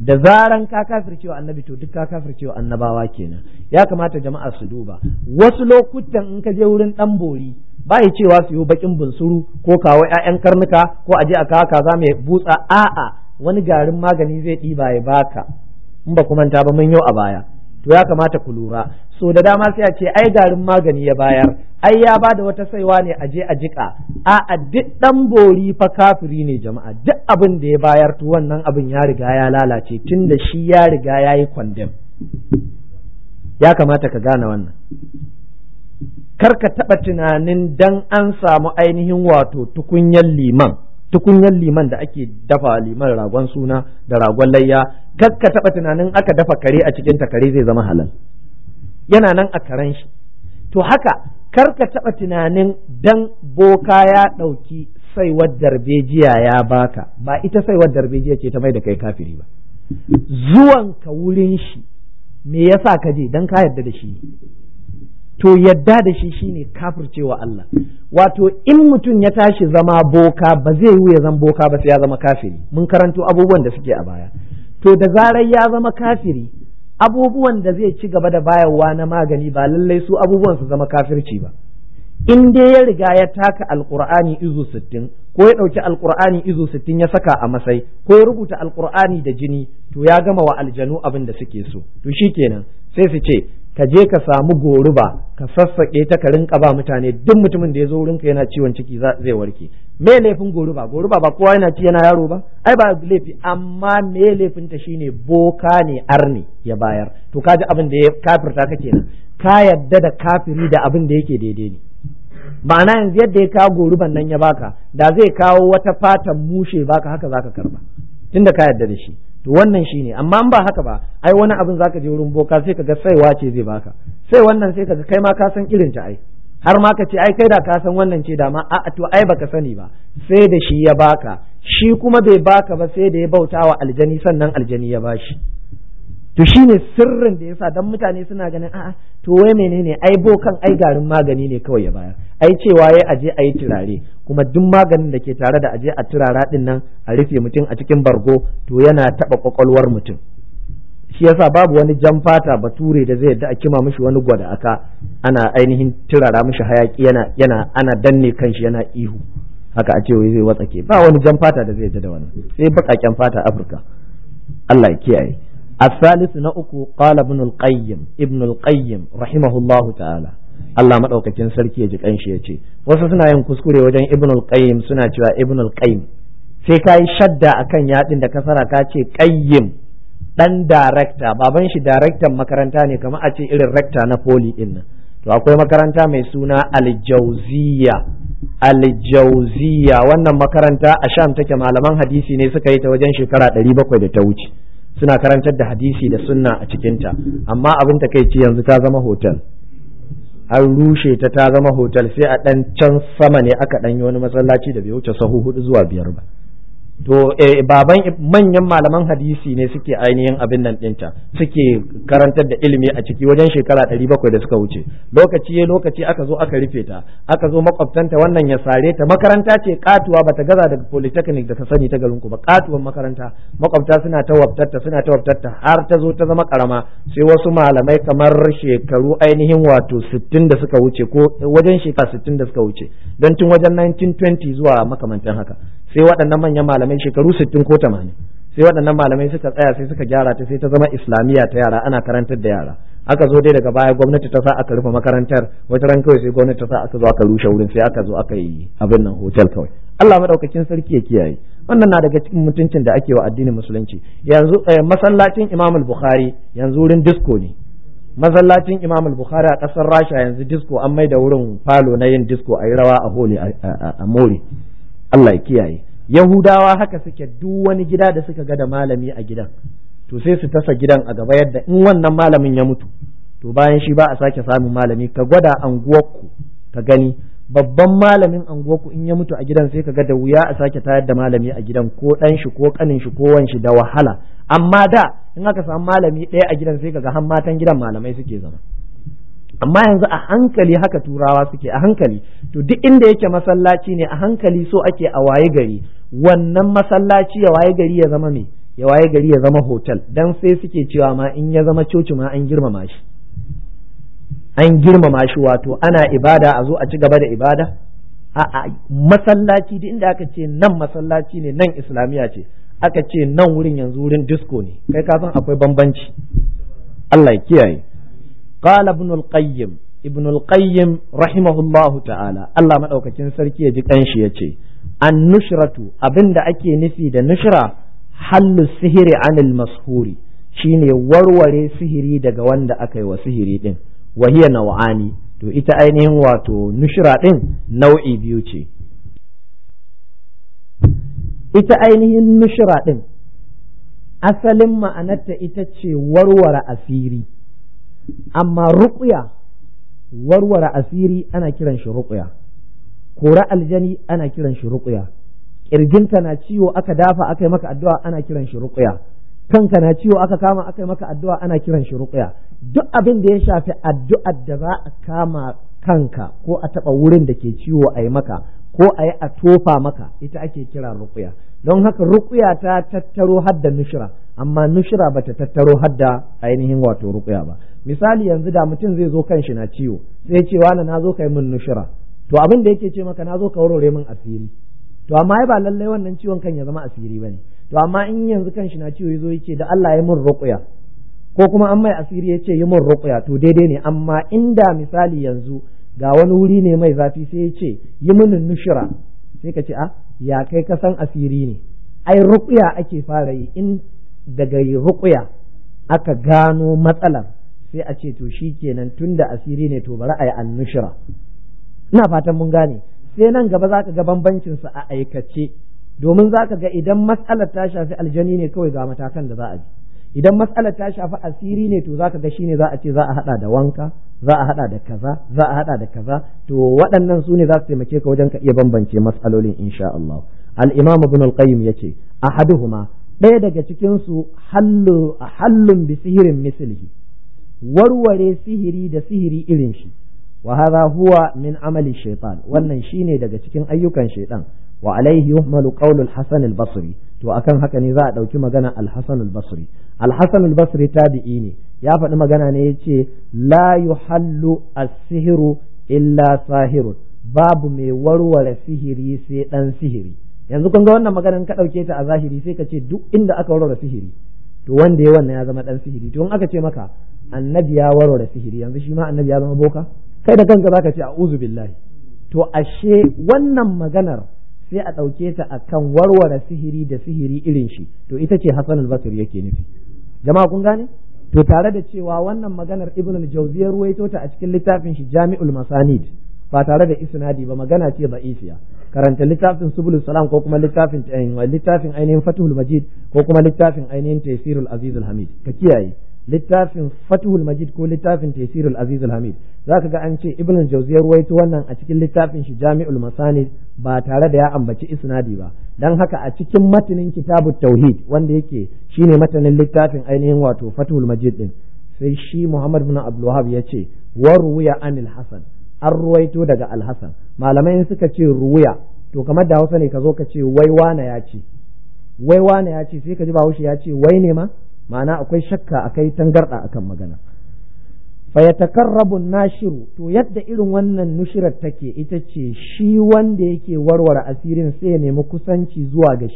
da zaran ka kafirce wa annabi to duk ka kafirce wa annabawa kenan ya kamata jama'a su duba wasu lokutan in ka je wurin dan bori ba ya cewa su yi bakin bunsuru ko kawo ƴaƴan karnuka ko a je a kawo kaza mai butsa a'a wani garin magani zai ɗiba ya baka in ba kuma ta ba mun yau a baya to ya kamata ku lura so da dama sai a ce ai garin magani ya bayar ai ya bada wata saiwa ne aje a jika a a duk dan bori fa kafiri ne jama'a duk abin da ya bayar to wannan abin ya riga ya lalace tun da shi ya riga ya yi kwandem ya kamata ka gane wannan kar ka taɓa tunanin dan an samu ainihin wato tukunyar liman tukunyar liman da ake dafa liman ragon suna da ragon layya kar ka taɓa tunanin aka dafa kare a cikin ta kare zai zama halal yana nan a karen shi to haka kar ka taɓa tunanin dan boka ya ɗauki saiwar darbejiya ya baka ba ita saiwar darbejiya ce ta mai da kai kafiri ba zuwan ka wurin shi me yasa ka je dan ka yarda da shi to yadda da shi shine cewa Allah wato in mutum ya tashi zama boka ba zai yi ya zama boka ba sai ya zama kafiri mun karanto abubuwan da suke a baya to da zarar ya zama kafiri abubuwan da zai ci gaba da bayarwa na magani ba lallai su abubuwan su zama kafirci ba in dai ya riga ya taka alkur'ani izu sittin ko ya ɗauki alqur'ani izu sittin ya saka a masai ko ya rubuta alkur'ani da jini to ya gama wa aljanu abin da suke so to shikenan sai su ce ka je ka samu goruba ka sassaƙe ta ka rinka ba mutane duk mutumin da ya zo wurinka yana ciwon ciki zai warke me laifin goruba goruba ba kowa yana ci yana yaro ba ai ba laifi amma me laifin ta shine boka ne arni ya bayar to kaji abin da ya kafirta ka kenan ka yadda da kafiri da abin da yake daidai ne ma'ana yanzu yadda ya kawo goruban nan ya baka da zai kawo wata fatan mushe baka haka zaka karba tunda ka yadda da shi to wannan shi ne, amma in ba haka ba ai wani abin zaka je wurin boka sai kaga saiwa ce zai baka sai wannan sai kaga kai ma ka san irin ta ai har ma ka ce ai kai da ka san wannan ce da ma a to ai baka sani ba sai da shi ya baka shi kuma bai baka ba sai da ya bauta wa aljani sannan aljani ya bashi to shine sirrin da yasa dan mutane suna ganin a'a to wai menene ai bokan ai garin magani ne kawai ya bayar ai cewa ya aje ayi turare kuma duk maganin da ke tare da aje a turara din nan a rufe mutum a cikin bargo to yana taɓa kwakwalwar mutum shi yasa babu wani jan fata bature da zai yadda a kima mishi wani gwada aka ana ainihin turara mishi hayaki yana yana ana danne kanshi yana ihu haka a ce wai zai watsake ba wani jan fata da zai yadda da wani, sai baƙaƙen fata Afirka Allah ya kiyaye الثالث نأكو قال ابن القيم ابن القيم رحمه الله تعالى Allah maɗaukacin sarki ya ji ƙanshi ya ce wasu suna yin kuskure wajen ibn qayyim suna cewa ibn qayyim sai ka yi shadda akan yaɗin da kasara ka ce qayyim ɗan darakta baban shi daraktan makaranta ne kamar a ce irin rekta na poli ɗin nan to akwai makaranta mai suna aljauziya aljauziya wannan makaranta a sham take malaman hadisi ne suka yi ta wajen shekara ɗari bakwai da ta wuce suna karantar da hadisi da sunna a cikinta amma abin ta takaici yanzu ta zama hotel an rushe ta ta zama hotel sai a ɗan can sama ne aka ɗanyi wani masallaci da bai wuce sahu hudu zuwa biyar ba to eh, baban manyan malaman hadisi ne suke ainihin abin nan dinta suke karantar da ilimi a ciki wajen shekara ɗari bakwai da suka wuce lokaci ya lokaci aka zo aka rufe ta aka zo makwabtanta wannan ya sare ta makaranta ce katuwa bata gaza daga polytechnic da ta sani ta garin ku ba katuwan makaranta makwabta suna ta wabtarta suna ta wabtarta har ta zo ta zama karama sai wasu malamai kamar shekaru ainihin wato sittin da suka wuce ko wajen shekara sittin da suka wuce don tun wajen 1920 zuwa makamantan haka sai waɗannan manyan malamai shekaru sittin ko tamanin sai waɗannan malamai suka tsaya sai suka gyara ta sai ta zama islamiyya ta yara ana karantar da yara aka zo dai daga baya gwamnati ta sa aka rufe makarantar wata ran kawai sai gwamnati ta sa aka zo aka rushe wurin sai aka zo aka yi abin nan hotel kawai Allah madaukakin sarki ya kiyaye wannan na daga cikin mutuncin da ake wa addinin musulunci yanzu eh, masallacin Imam al-Bukhari yanzu wurin disco ne masallacin Imam al-Bukhari a kasar Rasha yanzu disco an mai da wurin falo na yin disco a yi rawa a holi a more Allah ya kiyaye yahudawa haka suke duk wani gida da suka ga da malami a gidan to sai su tasa gidan a gaba yadda in wannan malamin ya mutu to bayan shi ba a sake samun malami ka gwada anguwarku ka gani babban malamin anguwarku in ya mutu a gidan sai ka ga da wuya a sake tayar da malami a gidan ko ɗan shi ko ƙanin shi ko wan shi da wahala amma da in aka samu malami ɗaya a gidan sai ka ga matan gidan malamai suke zama amma yanzu a hankali haka turawa suke a hankali to duk inda yake masallaci ne a hankali so ake a waye gari wannan masallaci ya waye gari ya zama me ya waye gari ya zama hotel dan sai suke cewa ma in ya zama coci ma an girmama shi an girmama shi wato ana ibada a zo a ci gaba da ibada a masallaci duk inda aka ce nan masallaci ne nan islamiya ce aka ce nan wurin yanzu wurin disco ne kai ka san akwai bambanci Allah ya kiyaye qala ibn al-qayyim ibn al-qayyim rahimahullahu ta'ala Allah madaukakin sarki ya ji kanshi yace an nushratu abinda ake nufi da nushra hallu sihiri anil mashuri shine warware sihiri daga wanda aka yi wa sihiri din wahiya nau'ani to ita ainihin wato nushra din nau'i biyu ce ita ainihin nushra din asalin ma'anarta ita ce warware asiri amma ruqya warware asiri ana kiran shi ruqya kora aljani ana kiran shi ruqya kirjinka na ciwo aka dafa aka yi maka addu'a ana kiran shi ruqya kanka na ciwo aka kama aka yi maka addu'a ana kiran shi ruqya duk abin da ya shafi addu'ar da za a kama kanka ko a taɓa wurin da ke ciwo a yi maka ko a yi a tofa maka ita ake kira ruqya don haka ruqya ta tattaro hadda nushra amma nushra bata tattaro hadda ainihin wato ruqya ba misali yanzu da mutum zai zo kan shi na ciwo sai ce wala na zo kai mun nushra to abin da yake ce maka na zo ka warware min asiri to amma ba lallai wannan ciwon kan ya zama asiri bane to amma in yanzu kan shi na ciwo yazo yake da Allah ya mun ruqya ko kuma an mai asiri yace yi mun ruqya to daidai ne amma inda misali yanzu ga wani wuri ne mai zafi sai ya ce yi mun nushira sai ka ce a ah, ya kai ka san asiri ne ai ruqya ake fara yi in daga ruqya aka gano matsalar sai a ce to shi kenan tun asiri ne to bari a yi ina fatan mun gane sai nan gaba za ka ga bambancin su a aikace domin za ka ga idan matsalar ta shafi aljani ne kawai ga matakan da za a bi idan matsalar ta shafi asiri ne to za ka ga shine za a ce za a hada da wanka za a hada da kaza za a hada da kaza to waɗannan su ne za su taimake ka wajen ka iya bambance matsalolin insha Allah al-imam ibn al-qayyim yace ahaduhuma ɗaya daga cikin su hallu hallun bi sihirin mislihi warware sihiri da sihiri irin shi wa hadha min amali shaitan wannan shine daga cikin ayyukan shaiɗan wa alaihi yuhmalu qawlu al-hasan al-basri to akan haka ne za a ɗauki magana al-hasan al-basri al-hasan al-basri tabi'i ne ya faɗi magana ne yace la yuhallu as-sihru illa sahiru babu mai warware sihiri sai dan sihiri yanzu kun ga wannan magana ka ɗauke ta a zahiri sai ka ce duk inda aka warware sihiri to wanda ya wannan ya zama dan sihiri to in aka ce maka annabi ya warware sihiri yanzu shi ma annabi ya zama boka kai da kanka zaka ce a'udhu billahi to ashe wannan maganar sai a ɗauke ta akan warware sihiri da sihiri irin shi to ita ce Hassan al-Basri yake nufi jama'a kun gane to tare da cewa wannan maganar Ibn al-Jawzi ya ruwaito ta a cikin littafin shi Jami'ul Masanid ba tare da isnadi ba magana ce da'ifiya karanta littafin Subulus Salam ko kuma littafin eh, littafin ainihin Fathul Majid ko kuma littafin ainihin Tafsirul Azizul Hamid ka kiyaye littafin fatuhul Majid ko littafin Tafsirul Aziz hamid zaka ga an ce Ibn ya ruwaito wannan a cikin littafin shi Jami'ul Masanid ba tare da ya ambaci isnadi ba dan haka a cikin matanin Kitabut Tauhid wanda yake shine matanin littafin ainihin wato fatuhul Majid din sai shi Muhammad bin Abdul wahab ya ce warwiya anil Hasan an ruwaito daga Al Hasan malamai suka ce ruwiya to kamar da Hausa ne ka zo ka ce wai wana ya ce wai wana ya ce sai ka ji Bahaushe ya ce wai ne ma ma'ana akwai shakka a akai tangarda akan magana fa yatakarrabu shiru to yadda irin wannan nushirar take ita ce shi wanda yake warware asirin sai ya nemi kusanci zuwa ga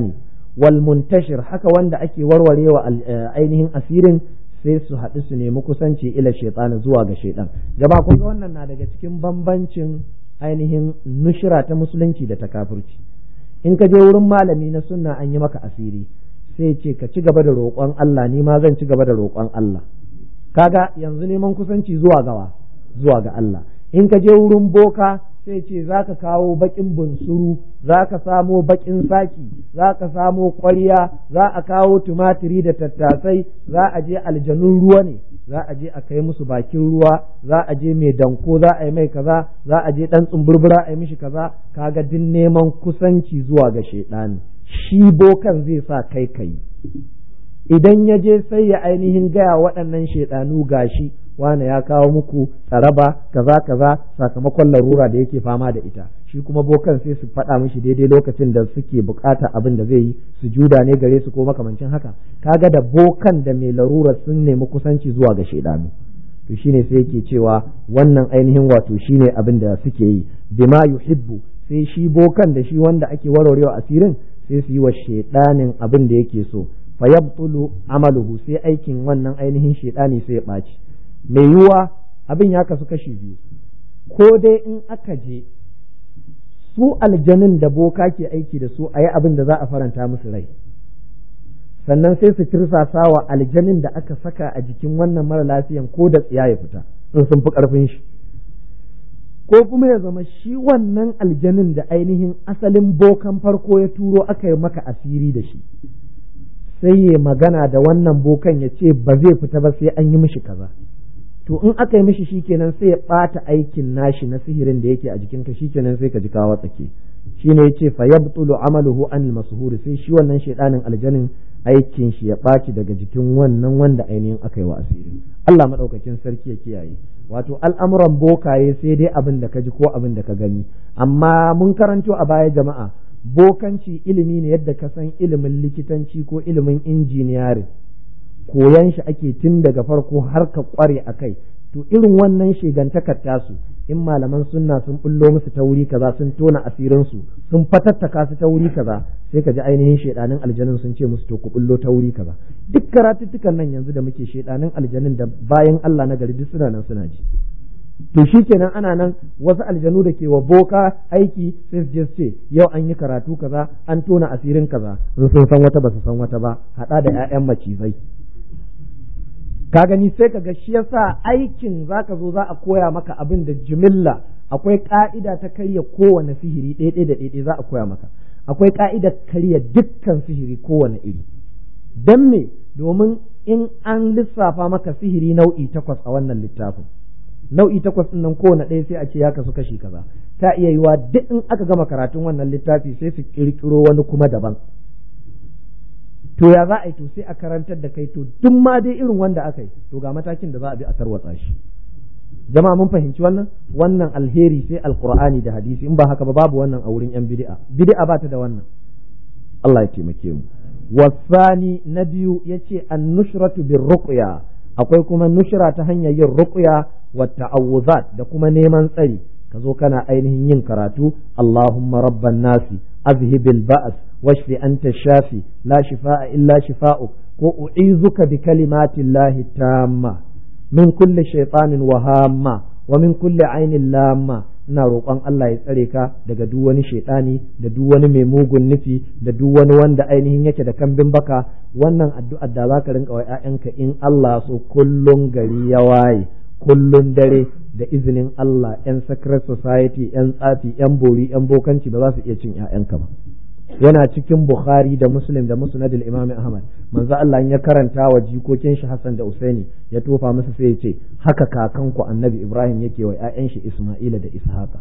ne wal muntashir haka wanda ake warwarewa eh, ainihin asirin sai su haɗu su nemi kusanci ila na zuwa ga shaidan jama'a kun wannan na daga cikin bambancin ainihin nushira ta musulunci da ta kafirci in ka je wurin malami na sunna an yi maka asiri sai ce ka ci gaba da roƙon Allah ni ma zan ci gaba da roƙon Allah kaga yanzu neman kusanci zuwa gawa zuwa ga Allah in ka je wurin boka sai ce za ka kawo baƙin bunsuru za ka samo baƙin saki za ka samo ƙwarya za a kawo tumatiri da tattasai za a je aljanun ruwa ne za a je a kai musu bakin ruwa za a je mai danko za a yi mai kaza za a je ɗan tsumburbura a yi mishi kaza kaga din neman kusanci zuwa ga shaidani shi bokan zai sa kai kai idan ya je sai ya ainihin gaya waɗannan shaidanu shi wane ya kawo muku tsaraba kaza kaza sakamakon larura da yake fama da ita shi kuma bokan sai su faɗa mishi daidai lokacin da suke bukata abin da zai yi su juda ne gare su ko makamancin haka kaga da bokan da mai larura sun nemi kusanci zuwa ga shaidanu to shine sai yake cewa wannan ainihin wato shine abin da suke yi bima yuhibbu sai shi bokan da shi wanda ake warwarewa asirin sai su yi wa shaidanin abin da yake so fa yabtulu amaluhu sai aikin wannan ainihin shaidani sai ya ɓaci mai yiwuwa abin ya kasu kashi biyu ko dai in aka je su aljanin da boka ke aiki da su a yi abin da za a faranta musu rai sannan sai su tirsasa wa aljanin da aka saka a jikin wannan mara lafiyan ko da tsiya ya fita in sun fi ƙarfin shi ko kuma ya zama shi wannan aljanin da ainihin asalin bokan farko ya turo aka yi maka asiri da shi sai ya magana da wannan bokan ya ce ba zai fita ba sai an yi mishi kaza to in aka yi mishi shikenan sai ya bata aikin nashi na sihirin da yake a jikinka shikenan sai ka ji kawa tsake shine yace fa yabtulu amaluhu an masuhuri sai shi wannan shaidanin aljanin aikin shi ya ɓaci daga jikin wannan wanda ainihin aka yi wa asiri Allah maɗaukakin sarki ya kiyaye wato al'amuran bokaye sai dai abin da ka ji ko abin da ka gani amma mun karanto a baya jama'a bokanci ilimi ne yadda ka san ilimin likitanci ko ilimin injiniyari koyan shi ake tun daga farko har ka kware a kai to irin wannan shigantakar tasu in malaman sunna sun bullo musu ta wuri kaza sun tona asirin su sun fatattaka su ta wuri kaza sai ka ji ainihin shedanin aljanun sun ce musu to ku bullo ta wuri kaza duk karatuttukan nan yanzu da muke shedanin aljanun da bayan Allah na gari duk suna nan suna ji to shikenan ana nan wasu aljanu da ke wa boka aiki sai su ce yau an yi karatu kaza an tona asirin kaza sun san wata ba su san wata ba hada da 'ya'yan macizai ka gani sai ka ga shi yasa aikin zaka zo za a koya maka abin da jimilla akwai ka'ida ta karya kowane sihiri ɗaiɗai da ɗaiɗai za a koya maka akwai ka'idar karya dukkan sihiri kowane iri don me domin in an lissafa maka sihiri nau'i takwas a wannan littafin nau'i takwas ɗin nan kowane ɗaya sai a ce ya kasu kashi kaza ta iya yiwa duk in aka gama karatun wannan littafi sai su ƙirƙiro wani kuma daban to ya za a yi to sai a karantar da kai to duk ma dai irin wanda aka yi to ga matakin da za a bi a tarwatsa shi jama'a mun fahimci wannan wannan alheri sai alqur'ani da hadisi in ba haka ba babu wannan a wurin yan bid'a bid'a ba ta da wannan Allah ya taimake mu wasani na biyu yace an birruqya bir akwai kuma nushra ta hanyar yin ruqya wa ta'awuzat da kuma neman tsari ka zo kana ainihin yin karatu Allahumma rabban nasi azhibil ba'as washfi anta shafi la shifa'a illa shifa'uk ko u'izuka bi kalimatillahi tamma min kulli shaytanin wahama wa min kulli ainin lamma ina roƙon Allah ya tsare ka daga duk wani shaidani da duk wani mai mugun nufi da duk wani wanda ainihin yake da kambin baka wannan addu'ar da zaka rinka wa 'ya'yanka in Allah so kullun gari ya waye kullum dare da izinin Allah yan secret society yan tsafi yan bori yan bokanci ba za su iya cin ƴaƴanka ba yana cikin Bukhari da Muslim da Musnadul imami imam Ahmad manzo Allah ya karanta wa jikokin shi Hassan da Usaini ya tofa musu sai ya ce haka kakanku Annabi Ibrahim yake wa ƴaƴan shi Isma'ila da Ishaqa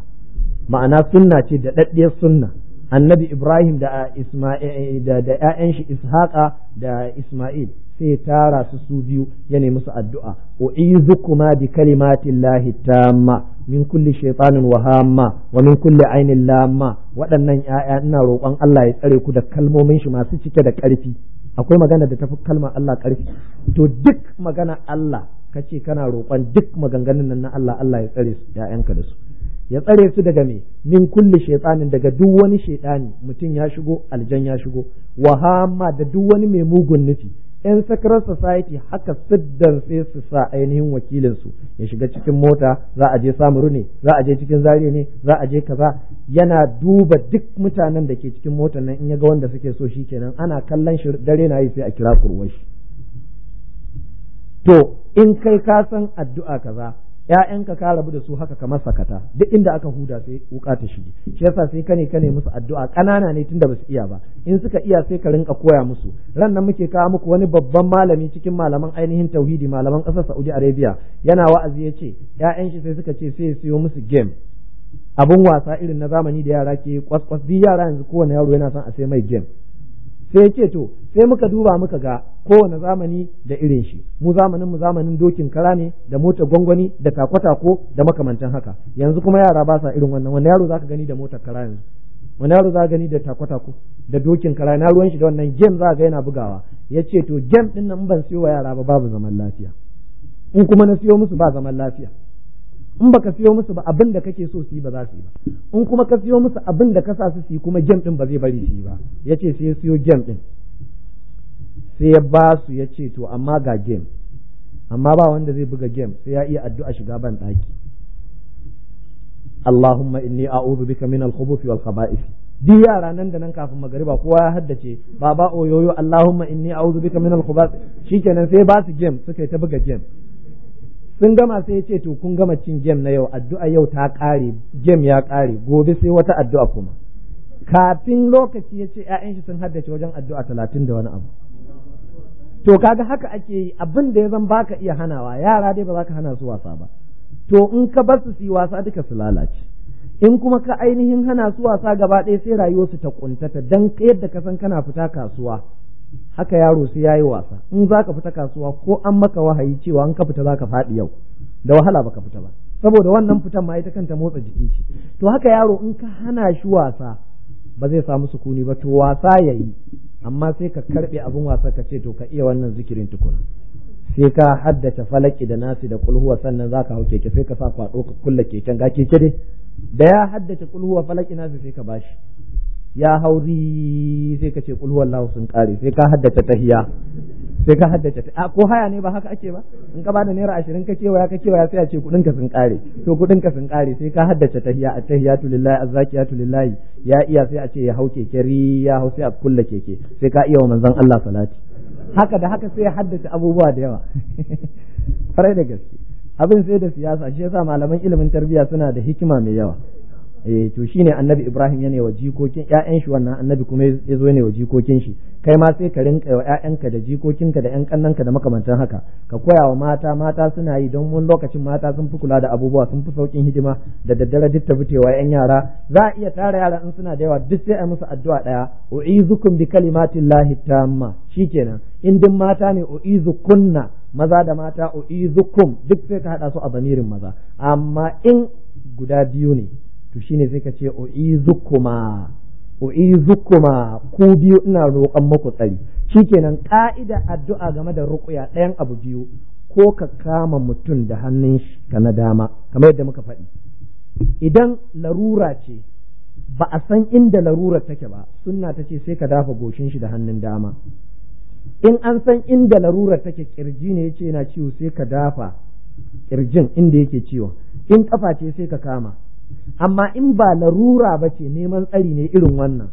ma'ana sunna ce da daddiyar sunna annabi ibrahim da isma'il eh, da ƴaƴan shi ishaqa da isma'il sai tara su su biyu ya nemi su addu'a u'izukuma bi kalimatillahi tamma min kulli shaytanin wahama. wa min kulli ainin lamma waɗannan yaya ina roƙon Allah ya tsare ku da kalmomin shi masu cike da ƙarfi akwai magana da tafi kalma Allah ƙarfi to duk magana Allah kace kana roƙon duk maganganun nan na Allah Allah ya tsare su ƴaƴanka da su ya tsare su daga me min kulli shaytanin daga duk wani shaytani mutum ya shigo aljan ya shigo Wahama da duk wani mai mugun nufi 'yan sakarar society haka siddan sai su sa ainihin wakilinsu ya shiga cikin mota za a je samuru ne za a je cikin zariya ne za a je kaza yana duba duk mutanen da ke cikin motar nan in ya ga wanda suke so shi kenan ana kallon shi dare na yi sai a kira kurwashi to in kai ka san addu'a kaza ya'yanka ka rabu da su haka kamar sakata duk inda aka huda sai wuka ta shi shi yasa sai kane kane musu addu'a ƙanana ne tunda basu iya ba in suka iya sai ka rinka koya musu ran nan muke kawo muku wani babban malami cikin malaman ainihin tauhidi malaman ƙasar Saudi Arabia yana wa'azi ya ce ya'yan shi sai suka ce sai siyo musu game abin wasa irin na zamani da yara ke kwaskwas duk yara yanzu kowane yaro yana son a sai mai game sai ya ce to sai muka duba muka ga kowane zamani da irin shi mu zamanin mu zamanin dokin kara ne da mota gwangwani da takwatako da makamantan haka yanzu kuma yara ba sa irin wannan wani yaro zaka gani da motar kara yanzu wani yaro za gani da takwatako da dokin kara na ruwan shi da wannan gem za ga yana bugawa ya ce to gem din nan ban siyo wa yara ba babu zaman lafiya in kuma na siyo musu ba zaman lafiya in baka siyo musu ba abin da kake so su yi ba za su yi ba in kuma ka siyo musu abin da ka sa su yi kuma gem din ba zai bari su yi ba yace sai ya siyo gem din sai ya ba su ya ce to amma ga gem amma ba wanda zai buga gem sai ya iya addu'a shiga ban daki Allahumma inni a'udhu bika min al-khubuthi wal khaba'ith di yara nan da nan kafin magariba kowa ya haddace baba oyoyo Allahumma inni a'udhu bika min al-khubuth shikenan sai ba su gem suka ta buga gem sun gama sai ya ce to kun gama cin gem na yau addu'a yau ta ƙare gem ya ƙare gobe sai wata addu'a kuma kafin lokaci ya ce ‘ya'yan shi sun haddace wajen addu'a talatin da wani abu to kaga haka ake yi abin da ya zan baka iya hanawa yara dai ba za ka hana su wasa ba to in ka bar su su yi wasa duka su lalace in kuma ka ainihin hana su wasa gaba ɗaya sai rayuwarsu ta ƙuntata dan yadda ka san kana fita kasuwa haka yaro sai yayi wasa in zaka fita kasuwa ko an maka wahayi cewa an ka fita zaka faɗi yau da wahala baka fita ba saboda wannan fitan ma ita kanta motsa jiki ce to haka yaro in ka hana shi wasa ba zai samu sukuni ba to wasa yayi amma sai ka karbe abin wasa ka ce to ka iya wannan zikirin tukuna sai ka haddace falaki da nasi da kulhuwa sannan zaka hau keke sai ka sa kwado ka kulla keken ga keke dai da ya haddace kulhuwa falaki nasi sai ka bashi ya hauri sai ka ce kul lahu sun kare sai ka haddace tahiya sai ka haddace a ko haya ne ba haka ake ba in ka bada naira ashirin ka kewaya ka kewaya sai a ce kudin ka sun kare to kudin ka sun kare sai ka haddace tahiya attahiyatu lillahi azzakiyatu lillahi ya iya sai a ce ya hau keke ya hau sai a kulla keke sai ka iya wa manzon Allah salati haka da haka sai ya haddace abubuwa da yawa farai da gaske abin sai da siyasa shi yasa malaman ilimin tarbiyya suna da hikima mai yawa eh to ne annabi ibrahim ya ne wa jikokin ƴaƴan shi wannan annabi kuma ya zo ne wa jikokin shi kai ma sai ka rinka wa ƴaƴanka da jikokinka da ƴan kannanka da makamantan haka ka koya wa mata mata suna yi don wani lokacin mata sun fi kula da abubuwa sun fi saukin hidima da daddare duk ta fitewa ƴan yara za a iya tara yara in suna da yawa duk sai a musu addu'a daya u'izukum bi kalimatillahi tamma shikenan in din mata ne u'izukunna maza da mata u'izukum duk sai ka hada su a bamirin maza amma in guda biyu ne to shine sai ka ce u'izukuma u'izukuma ku biyu ina roƙon muku tsari shikenan ka'ida addu'a game da ruqya ɗayan abu biyu ko ka kama mutum da hannun shi ka na dama kamar yadda muka faɗi idan larura ce ba a san inda larurar take ba sunna ta ce sai ka dafa goshin shi da hannun dama in an san inda larurar take kirji ne yace yana ciwo sai ka dafa kirjin inda yake ciwo in kafa ce sai ka kama amma in ba larura ba ce neman tsari ne irin wannan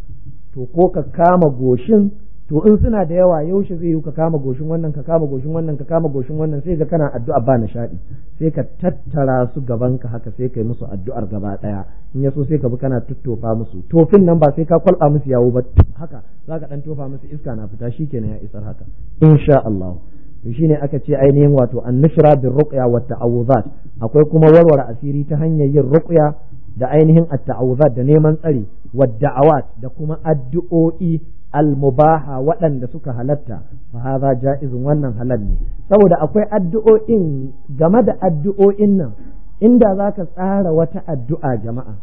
to ko ka kama goshin to in suna da yawa yaushe zai yi ka kama goshin wannan ka kama goshin wannan ka kama goshin wannan sai ga kana addu'a ba nishaɗi sai ka tattara su gaban ka haka sai kai musu addu'ar gaba ɗaya in ya sai ka bi kana tuttofa musu tofin nan ba sai ka kwalba musu yawo ba haka za ka ɗan tofa musu iska na fita shi kenan ya isar haka insha Allah to ne aka ce ainihin wato annishra bin ruqya wa ta'awuzat akwai kuma warware asiri ta hanyar yin ruqya da ainihin at-ta'awuzat da neman tsari wa da'awat da kuma addu'o'i al-mubaha waɗanda suka halatta fa haza ja'izun wannan halal ne saboda akwai addu'o'in game da addu'o'in nan inda zaka tsara wata addu'a jama'a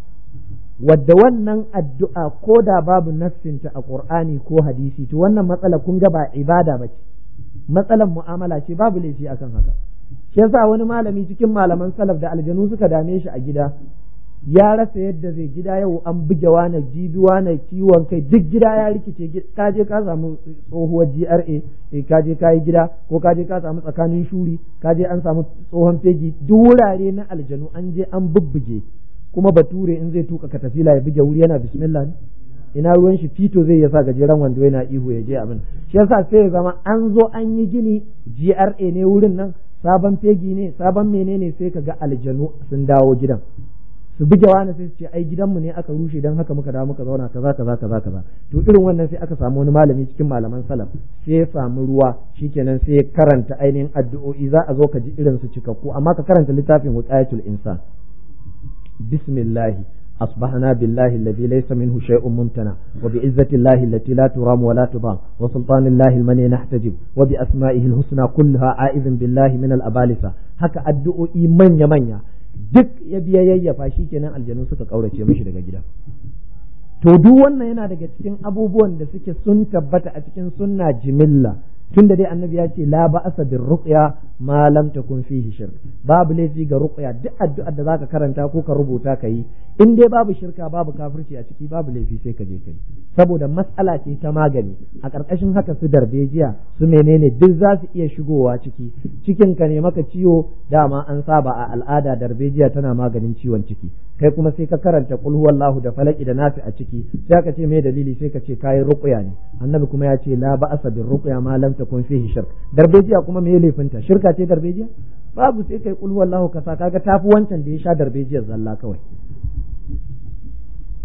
wadda wannan addu'a ko da babu nassinta a Qur'ani ko hadisi to wannan matsala kun ga ba ibada ba ce matsalan mu'amala ce babu laifi akan haka shi yasa wani malami cikin malaman salaf da aljanu suka dame shi a gida ya rasa yadda zai gida yau an buge wani jibi wani kiwon kai duk gida ya rikice ka je ka samu tsohuwar GRA eh, ka je ka yi gida ko ka je ka samu tsakanin shuri ka je an samu tsohon fegi duk wurare na aljanu an je an bubbuge kuma bature in zai tuka katafila ya buge wuri yana bismillah ina ruwan shi fito zai yasa gajeren wando yana ihu ya je abin shi yasa sai ya zama an zo an yi gini GRA ne wurin nan sabon fegi ne sabon menene sai ka ga aljanu sun dawo gidan su buge wani sai su ce ai gidanmu ne aka rushe don haka muka dawo muka zauna kaza kaza kaza kaza to irin wannan sai aka samu wani malami cikin malaman salaf sai ya samu ruwa shikenan sai ya karanta ainihin addu'o'i za a zo ka ji irin su cikakku amma ka karanta littafin wuqayatul insan bismillahi أصبحنا بالله الذي ليس منه شيء ممتنع وبعزة الله التي لا ترام ولا تضام وسلطان الله المني نحتجب وبأسمائه الحسنى كلها عائذ بالله من الأبالسة هكا أدعو إيمان يمنيا duk ya biya yayyafa shi kenan aljanu suka kaurace mishi daga gida to duk wannan yana daga cikin abubuwan da suke sun tabbata a cikin sunna jimilla tun da dai annabi ya ce la asa bin ruqya ma lam takun fihi shirk babu laifi ga ruqya duk addu'ar da zaka karanta ko ka rubuta kai in dai babu shirka babu kafirci a ciki babu laifi sai ka je kai saboda matsala ce ta magani a ƙarƙashin haka su darbejiya su menene duk za su iya shigowa ciki cikin ka ne maka ciwo dama an saba a al'ada darbejiya tana maganin ciwon ciki kai kuma sai ka karanta kul Lahu da falaki da nafi a ciki sai ka ce mai dalili sai ka ce kayan ruqya ne annabi kuma ya ce la ba'asa bir ruqya ma lam takun fihi shirk darbejiya kuma me laifinta shirka ce darbejiya babu sai kai kul Lahu ka sa kaga tafi wancan da ya sha darbejiyar zalla kawai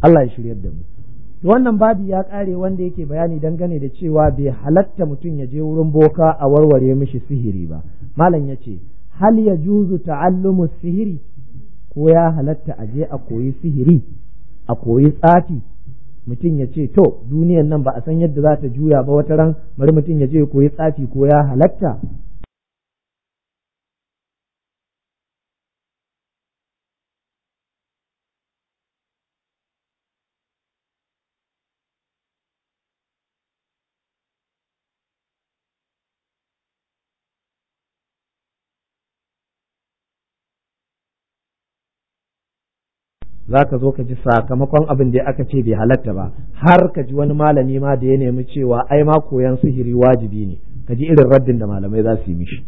Allah ya shiryar da mu wannan babi ya ƙare wanda yake bayani dangane da cewa bai halatta mutum ya je wurin boka a warware mishi sihiri ba malam ya ce hal ya juzu ta'allumu sihiri ko ya halatta a je a koyi sihiri a koyi tsafi mutum ya ce to duniyan nan ba a san yadda za ta juya ba wata ran bari mutum ya je koyi tsafi ko ya halatta za ka zo ka ji sakamakon abin da aka ce bai halatta ba har ka ji wani malami ma da ya nemi cewa ai ma koyan sihiri wajibi ne ka ji irin raddin da malamai za su yi mishi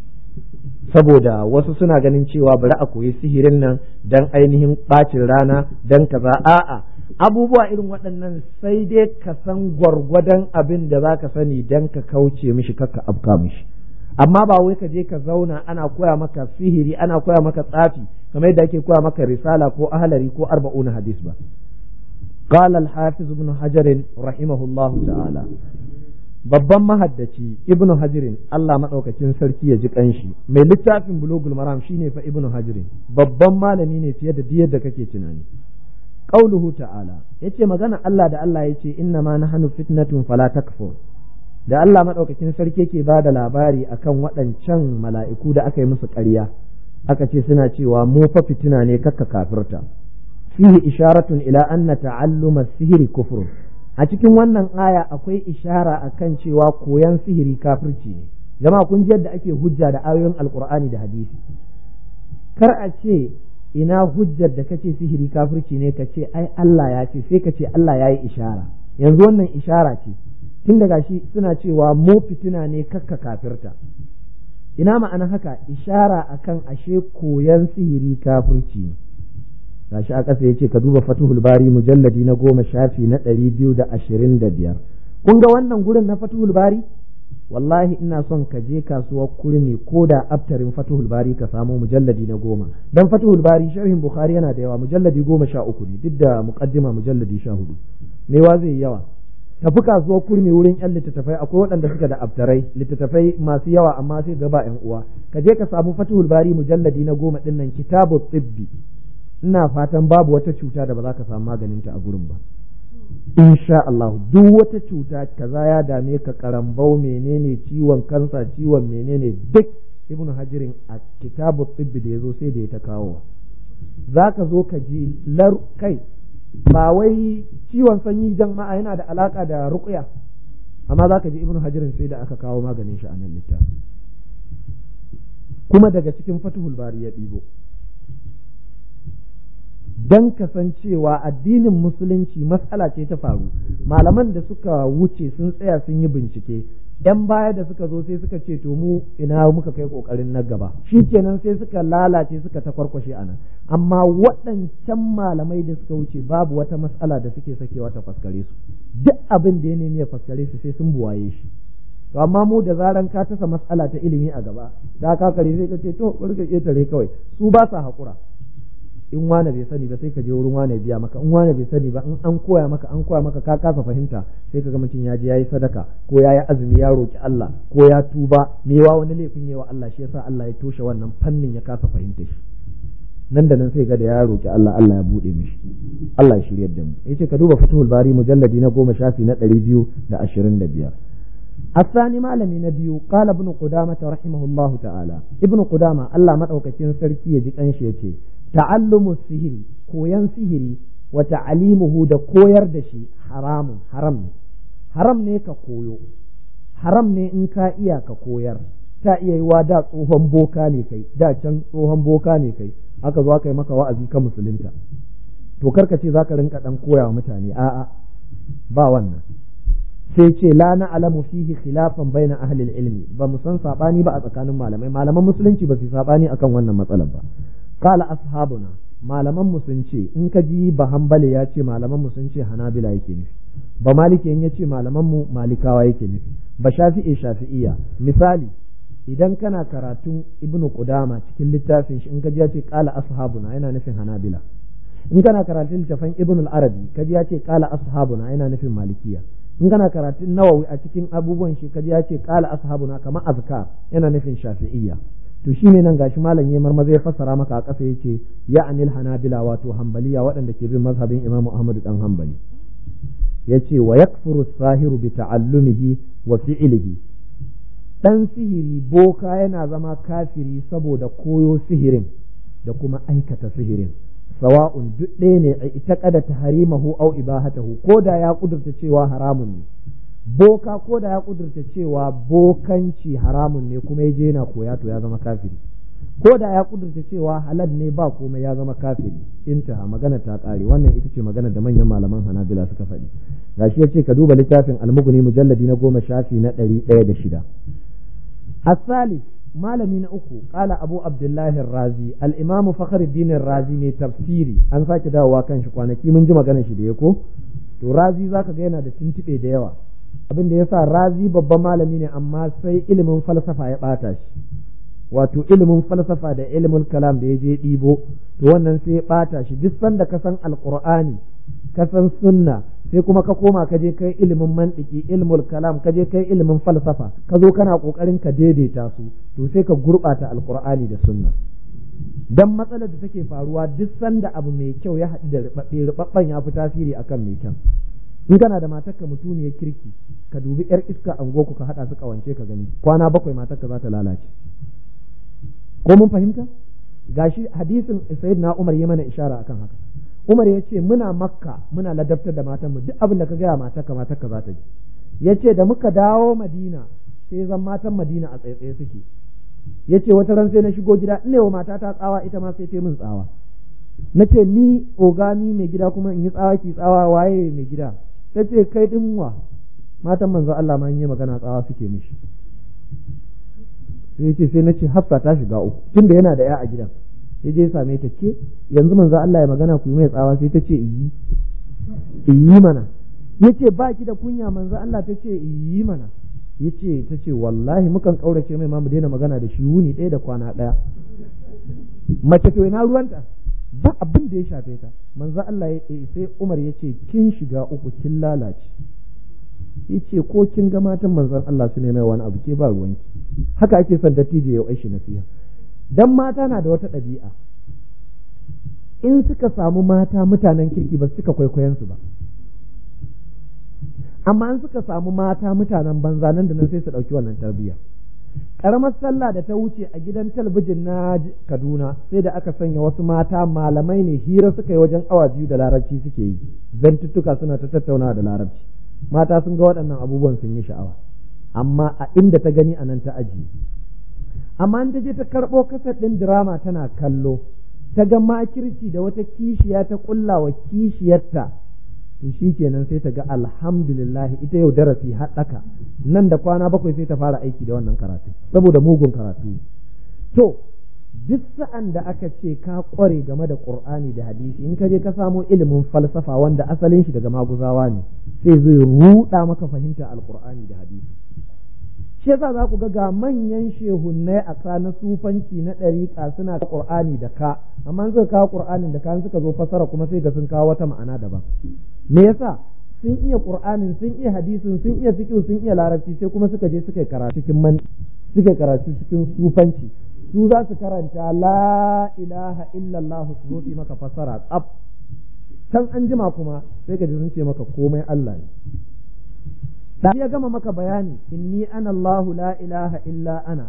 saboda wasu suna ganin cewa bari a koyi sihirin nan dan ainihin bacin rana dan kaza a'a abubuwa irin waɗannan sai dai ka san gwargwadon abin da za ka sani dan ka kauce mishi kakka afka mishi amma ba wai ka je ka zauna ana koya maka sihiri ana koya maka tsafi kamar yadda ake koya maka risala ko ahlari ko arba'un hadis ba قال الحافظ ابن حجر رحمه الله تعالى babban mahaddaci ibnu hajirin Allah maɗaukacin sarki ya ji kanshi mai littafin bulugul maram shine fa ibnu hajirin babban malami ne fiye da diyar da kake tunani qauluhu ta'ala yace magana Allah da Allah yace inna ma nahnu fitnatun fala takfur da Allah maɗaukacin sarki yake ba da labari akan waɗancan mala'iku da aka yi musu ƙarya aka ce suna cewa mu fa fitina ne kakka kafirta fihi isharatun ila anna ta'alluma sihiri kufur. a cikin wannan aya akwai ishara akan cewa koyan sihiri kafirci ne jama'a kun ji yadda ake hujja da ayoyin alqur'ani da hadisi kar a ce ina hujjar da kace sihiri kafirci ne kace ai Allah ya ce sai kace Allah ya yi ishara yanzu wannan ishara ce tun daga shi suna cewa mu fitina ne kakka kafirta ina ma'ana haka ishara akan ashe koyan sihiri kafirci gashi a ƙasa yace ka duba fatuhul bari mujalladi na goma shafi na ɗari biyu da ashirin da biyar kun ga wannan gurin na fatuhul bari wallahi ina son ka je kasuwar kurmi ko da aftarin fatuhul bari ka samo mujalladi na goma dan fatuhul bari sharhin bukhari yana da yawa mujalladi goma sha uku ne duk da muqaddima mujalladi sha hudu me wa zai yawa tafi kasuwar kurmi wurin yan littattafai akwai waɗanda suka da abtarai littattafai masu yawa amma sai gaba yan uwa ka je ka samu fatihul bari mujalladi na goma ɗin nan kitabu tsibbi ina fatan babu wata cuta da ba za ka samu ta a gurin ba insha Allah duk wata cuta kaza ya dame ka karambau menene ciwon kansa ciwon menene duk ibnu hajirin a kitabu tsibbi da ya zo sai da ya ta kawo za ka zo ka ji lar kai ba wai ciwon sanyi jama'a yana da alaƙa da ruƙuya amma za ka ji ibnu hajirin sai da aka kawo maganin shi a nan littafi kuma daga cikin fatuhul bari ya ɗibo don kasancewa addinin musulunci matsala ce ta faru malaman da suka wuce sun tsaya sun yi bincike dan baya da suka zo sai suka ce to mu ina muka kai kokarin na gaba shikenan sai suka lalace suka ta kwarkwashe anan amma waɗancan malamai da suka wuce babu wata matsala da suke sakewa ta faskare su duk abin da ya nemi ya faskare su sai sun buwaye shi to amma mu da zaran ka tasa matsala ta ilimi a gaba da ka kare sai ka ce to bari ka ketare kawai su ba sa hakura in wane bai sani ba sai ka je wurin wane biya maka in wane bai sani ba in an koya maka an koya maka ka kasa fahimta sai ka ga mutum ya je yayi sadaka ko ya yi azumi ya roki Allah ko ya tuba mewa wani laifin yawa Allah shi yasa Allah ya toshe wannan fannin ya kasa fahimta shi nan da nan sai ga da ya roki Allah Allah ya bude mishi Allah ya shiryar da mu ya ce ka duba Fathul Bari mujalladi na goma shafi na ɗari biyu da ashirin da biyar الثاني معلم نبي قال ابن قدامة رحمه الله تعالى ابن قدامة الله ya ji سركي يجي أنشيتي ta'allumu sihiri koyan sihiri wa ta'alimuhu da koyar da shi haramun haram ne haram ne ka koyo haram ne in ka iya ka koyar ta iya yi wa da tsohon boka ne kai da can tsohon boka ne kai aka zo aka yi maka wa'azi ka musulunta to ka ce zaka rinka dan koya wa mutane a'a ba wannan sai ce la na alamu fihi khilafan baina ahli ilmi ba mu san sabani ba a tsakanin malamai malaman musulunci ba su sabani akan wannan matsalar ba qala ashabuna malaman mu in kaji ji ba hanbali ya ce malaman mu sun ce hanabila yake nufi ba maliki in ya ce malaman mu malikawa yake nufi ba shafi'i shafi'iya misali idan kana karatun ibnu qudama cikin littafin shi in ka ya ce qala ashabuna yana nufin hanabila in kana karatun littafin ibn al-arabi kaji ya ce qala ashabuna yana nufin malikiya in kana karatun nawawi a cikin abubuwan shi kaji ya ce qala ashabuna kamar azkar yana nufin shafi'iyya to shi ne nan gashi malam ya marmaza ya fassara maka a ƙasa yace ya anil hanabila wato hambaliya waɗanda ke bin mazhabin imam ahmad dan hambali yace wa yakfuru sahiru bi ta'allumihi wa fi'lihi dan sihiri boka yana zama kafiri saboda koyo sihirin da kuma aikata sihirin sawa'un duk ɗaya ne a ita kada ta harimahu au ibahatahu ko da ya kudurta cewa haramun ne boka ko da ya kudurta cewa bokanci haramun ne kuma ya je yana koya to ya zama kafiri ko da ya kudurta cewa halal ne ba komai ya zama kafiri intaha magana ta kare wannan ita ce magana da manyan malaman hanabila suka faɗi gashi yace ka duba littafin almuguni mujalladi na goma shafi na ɗari ɗaya da shida asali malami na uku kala abu abdullahi razi al-imam fakhruddin razi ne tafsiri an sake dawowa kan shi kwanaki mun ji magana shi da ya ko to razi zaka ga yana da tuntube da yawa abin da ya sa razi babban malami ne amma sai ilimin falsafa ya ɓata shi wato ilimin falsafa da ilimin kalam da ya je ɗibo to wannan sai ya ɓata shi duk sanda ka san alkur'ani ka san sunna sai kuma ka koma ka je kai ilimin mantiki ilimin kalam ka je kai ilimin falsafa ka zo kana kokarin ka daidaita su to sai ka gurɓata alkur'ani da sunna dan matsalar da take faruwa duk sanda abu mai kyau ya haɗu da ribabbe ya fi tasiri akan mai kyau in kana da matarka ya kirki ka dubi yar iska angoku ka haɗa su kawance ka gani kwana bakwai matarka za ta lalace ko mun fahimta gashi hadisin sayyid na umar ya mana ishara akan haka umar ya ce muna makka muna ladabtar da matanmu duk abin da ka gaya matarka matarka za ta ji ya ce da muka dawo madina sai zan matan madina a tsaitsaye suke ya ce wata ran sai na shigo gida in wa mata ta tsawa ita ma sai ta min tsawa na ce ni ogani mai gida kuma in yi tsawa ki tsawa waye mai gida ta ce kai din wa matan manzo Allah ma yi magana tsawa suke mishi sai ce sai nace hafsa ta shiga uku tunda yana da ya a gidan sai je same ta ke yanzu manzo Allah ya magana ku mai tsawa sai ta ce yi yi mana yace ba ki da kunya manzo Allah ta ce yi mana yace ta ce wallahi mukan kaurace mai ma mu daina magana da shi wuni ɗaya da kwana ɗaya mace to ina ruwanta ba abin da ya shafe ta manzo Allah ya sai Umar ya ce kin shiga uku kin lalace yace ko kin ga matan manzon Allah su ne mai wani abu ke ba ruwanki haka ake son dattijo ya aishi nasiha dan mata na da wata ɗabi'a in suka samu mata mutanen kirki ba suka kwaikwayon su ba amma in suka samu mata mutanen banza nan da nan sai su ɗauki wannan tarbiyya karamar sallah da ta wuce a gidan talabijin na Kaduna sai da aka sanya wasu mata malamai ne hira suka yi wajen awa biyu da larabci suke yi zantuttuka suna ta tattaunawa da larabci mata sun ga waɗannan abubuwan sun yi sha'awa amma a inda ta gani a nan ta ajiye amma in ta je ta karɓo kasar ɗin dirama tana kallo ta ga makirci da wata kishiya ta ƙulla wa kishiyarta to shi kenan sai ta ga alhamdulillah ita yau darasi haɗaka nan da kwana bakwai sai ta fara aiki da wannan karatu saboda mugun karatu to duk sa'an da aka ce ka ƙware game da ƙur'ani da hadisi in ka je ka samo ilimin falsafa wanda asalin shi daga maguzawa ne sai zai ruɗa maka fahimta alƙur'ani da hadisi shi yasa za ku ga ga manyan shehunnai a ka na sufanci na ɗariƙa suna ƙur'ani da ka amma suka kawo ƙur'anin da ka suka zo fasara kuma sai ga sun kawo wata ma'ana daban me yasa sun iya ƙur'anin sun iya hadisin sun iya fiqh sun iya larabci sai kuma suka je suka karatu cikin man suka karatu cikin sufanci su za su karanta la ilaha illallah su zo maka fasara tsaf can an jima kuma sai ka ji sun ce maka komai Allah ne da ya gama maka bayani inni ana Allah la ilaha illa ana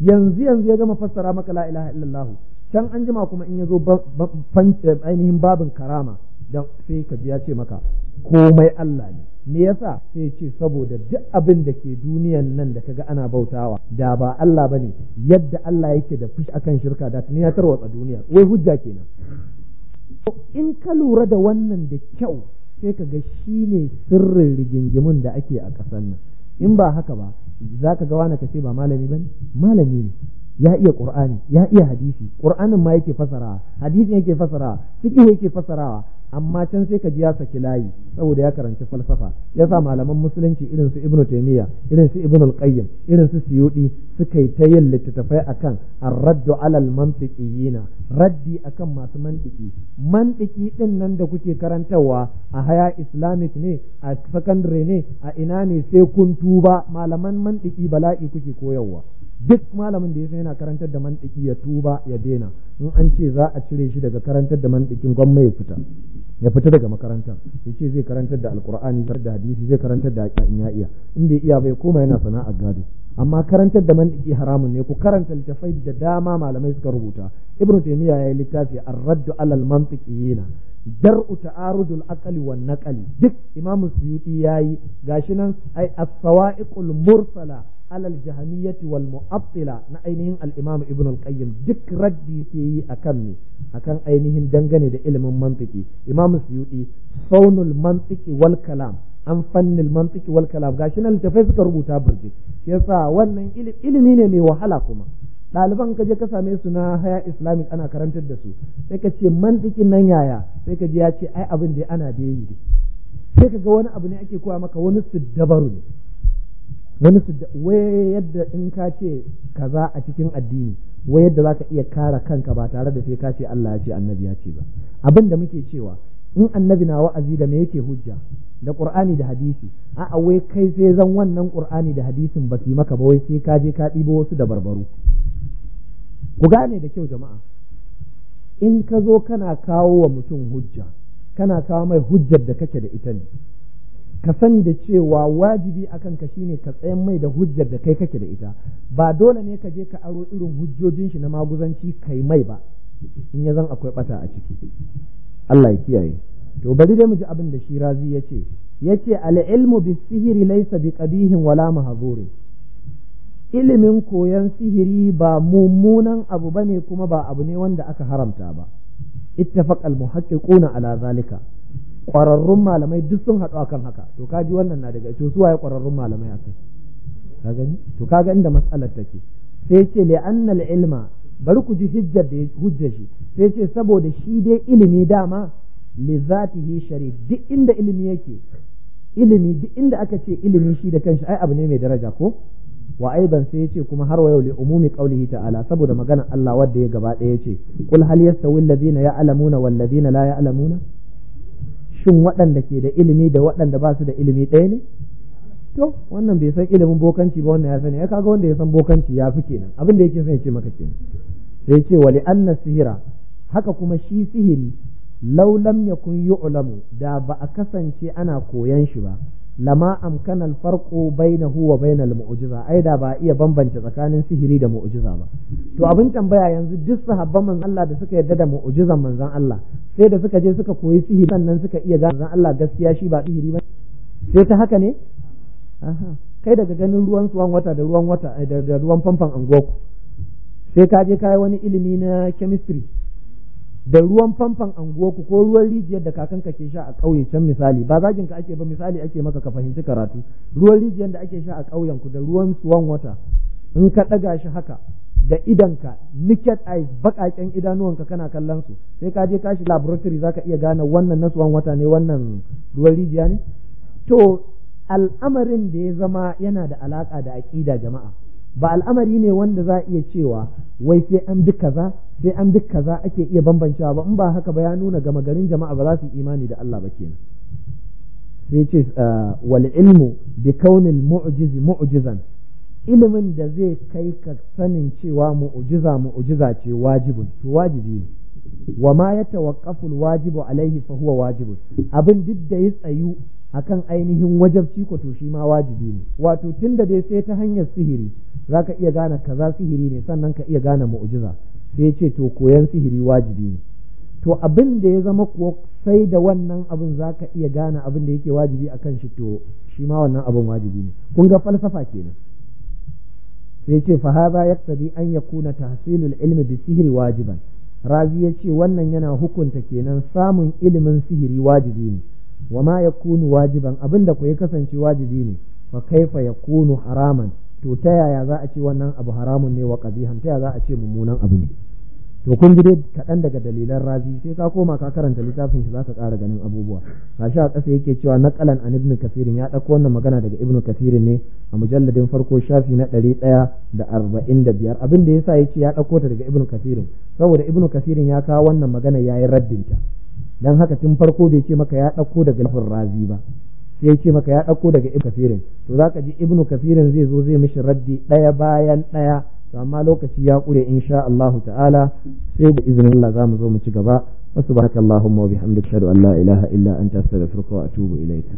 yanzu yanzu ya gama fassara maka la ilaha illa Allah can an jima kuma in yazo eh, ainihin babin karama dan sai ka ji ya ce maka komai Allah ne me yasa sai ce saboda duk abin da ke duniyan nan da kaga ana bautawa da ba Allah bane yadda Allah yake da fushi akan shirka da ni ya tarwatsa duniya wai hujja kenan in ka lura da wannan da kyau sai ka ga shi ne sirrin rigingimun da ake a ƙasar nan in ba haka ba za ka ga wani ka ce ba malami ba ne malami ne ya iya ƙur'ani ya iya hadisi ƙur'anin ma yake fasarawa hadisin yake fasarawa fiqh yake fasarawa amma can sai ka ji ya saki layi saboda ya karanci falsafa ya sa malaman musulunci irin su ibnu taymiya irin su ibnu al irin su suyudi suka yi ta yin littattafai akan ar-raddu alal mantiqiyina raddi akan masu mantiki mantiki din nan da kuke karantarwa a haya islamic ne a sakandare ne a ina ne sai kun tuba malaman mantiki bala'i kuke koyarwa duk malamin da ya san yana karantar da mantiki ya tuba ya daina in an ce za a cire shi daga karantar da mantikin gwamma ya fita ya fita daga makarantar ya ce zai karantar da alkur'ani da hadisi zai karantar da in ya iya in bai iya bai koma yana sana'ar gado amma karantar da mantiki haramun ne ku karanta littafai da dama malamai suka rubuta ibn taymiya yayi littafi ar raddu alal mantiqiyina dar'u ta'arudul aqli wan naqli duk imamu suyuti yayi gashi nan ai as-sawa'iqul mursala alal jahamiyyati wal mu'attila na ainihin al-imam ibn al-qayyim duk raddi ke yi akan ne akan ainihin dangane da ilimin mantiki imam suyuti faunul mantiki wal kalam an fannin mantiki wal kalam gashi nan littafai suka rubuta burji yasa wannan ilimi ne mai wahala kuma ɗaliban ka je ka same su na haya islamic ana karantar da su sai ka ce mantikin nan yaya sai ka je ya ce ai abin da ana da yi sai ka ga wani abu ne ake koya maka wani dabaru ne wani su wai yadda in ka ce kaza a cikin addini wai yadda za ka iya kara kanka ba tare da sai ka ce Allah ya ce annabi ya ce ba abin da muke cewa in annabi na wa'azi da me yake hujja da qur'ani da hadisi a'a wai kai sai zan wannan qur'ani da hadisin ba su maka ba wai sai ka je ka ɗibo wasu da barbaru ku gane da kyau jama'a in ka zo kana kawo wa mutum hujja kana kawo mai hujjar da kake da ita ne ka sani da cewa wajibi a kanka ka ne ka tsayan mai da hujjar da kai kake da ita ba dole ne ka je ka aro irin hujjojin shi na maguzanci kai mai ba in ya zan akwai bata a ciki Allah ya kiyaye to bari dai mu ji abin da shi razi ya ce ya ce al'ilmu bi sihiri laisa bi qabihin wala mahzuri ilimin koyan sihiri ba mummunan abu bane kuma ba abu ne wanda aka haramta ba ittafaqal muhaqqiquna ala zalika Kwararrun malamai duk sun haɗu akan haka to ka ji wannan na daga to su waye ƙwararrun malamai akai ka gani to kaga inda matsalar take sai ce li annal ilma bari ku ji hujjar da hujjar shi sai ce saboda shi dai ilimi dama li zatihi sharif duk inda ilimi yake ilimi duk inda aka ce ilimi shi da kanshi ai abu ne mai daraja ko wa ban sai yace kuma har wa yau li umumi qaulihi ta'ala saboda magana Allah wanda ya gaba daya yace kul hal yastawi alladhina ya'lamuna wal ladina la ya'lamuna shin waɗanda ke da ilimi da waɗanda ba su da ilimi ɗaya ne to wannan bai san ilimin bokanci ba wannan ya sani ya kaga wanda ya san bokanci ya fi kenan abin da yake son ya ce maka kenan sai ce wali na sihira haka kuma shi sihiri laulam ya kun yu'lamu da ba a kasance ana koyan shi ba lama amkana alfarqu bainahu wa bainal mu'jiza ai da ba iya bambance tsakanin sihiri da mu'jiza ba to abin tambaya yanzu duk sahabban manzon Allah da suka yarda da mu'jizan manzon Allah sai da suka je suka koyi sihiri sannan suka iya gane manzon Allah gaskiya shi ba sihiri ba sai ta haka ne aha kai daga ganin ruwan suwan wata da ruwan wata eh, da ruwan famfan anguwa sai ka je kai wani ilimi na chemistry da ruwan famfan anguwarku ko ruwan rijiyar da kakanka ke sha a ƙauye can misali ba zagin ka ake ba misali ake maka ka fahimci karatu ruwan rijiyar da ake sha a ƙauyen ku da ruwan suwan wata in ka ɗaga shi haka da idanka naked eyes baƙaƙen idanuwanka kana kallon su sai ka je ka shi laboratory zaka iya gane wannan na suwan wata ne wannan ruwan rijiya ne to al'amarin da ya zama yana da alaƙa da aƙida jama'a ba al'amari ne wanda za a iya cewa wai sai an bi kaza sai an bi kaza ake iya bambancewa ba in ba haka ba ya nuna gama garin jama'a ba za su imani da Allah ba kenan sai ce ah, wal ilmu bi kaunil mu'jiz mu'jizan ilimin da zai kai ka sanin cewa mu'jiza mu'jiza ce wajibin to wajibi ne wa ma yatawaqqafu al wajibu alaihi fa huwa wajibun abin duk da ya tsayu akan ainihin wajabci ko to shi ma wajibi ne wato tunda dai sai ta hanyar sihiri zaka iya gane kaza sihiri ne sannan ka iya gane mu'jiza sai ya ce to koyan sihiri wajibi ne to abin da ya zama kuwa sai da wannan abin zaka iya gane abin da yake wajibi akan shi to shi ma wannan abin wajibi ne kun ga falsafa kenan sai ya ce fa hadha yaqtadi an yakuna tahsilul ilmi bi sihri wajiban razi ya ce wannan yana hukunta kenan samun ilimin sihiri wajibi ne wa ma ya kunu wajiban abin da ku ya kasance wajibi ne fa kaifa kunu haraman to ta yaya za a ce wannan abu haramun ne wa qabihan ta yaya za a ce mummunan abu ne to kun ji dai kaɗan daga dalilan razi sai ka koma ka karanta littafin shi za ka ƙara ganin abubuwa gashi a ƙasa yake cewa naƙalan an ibnu kasirin ya ɗauko wannan magana daga ibnu kasirin ne a mujalladin farko shafi na ɗari ɗaya da arba'in da biyar abin da ya sa ya ce ya ɗauko ta daga ibnu kasirin saboda ibnu kasirin ya kawo wannan magana ya yi raddin ta. dan haka tun farko bai ce maka ya ɗauko daga lafin razi ba sai ce maka ya ɗauko daga ibnu kafirin to zaka ji ibnu kafirin zai zo zai mishi raddi ɗaya bayan ɗaya to amma lokaci ya ƙure insha Allah ta'ala sai da izinin Allah zamu zo mu ci gaba subhanakallahumma wa bihamdika ashhadu an la ilaha illa anta astaghfiruka wa atubu ilaika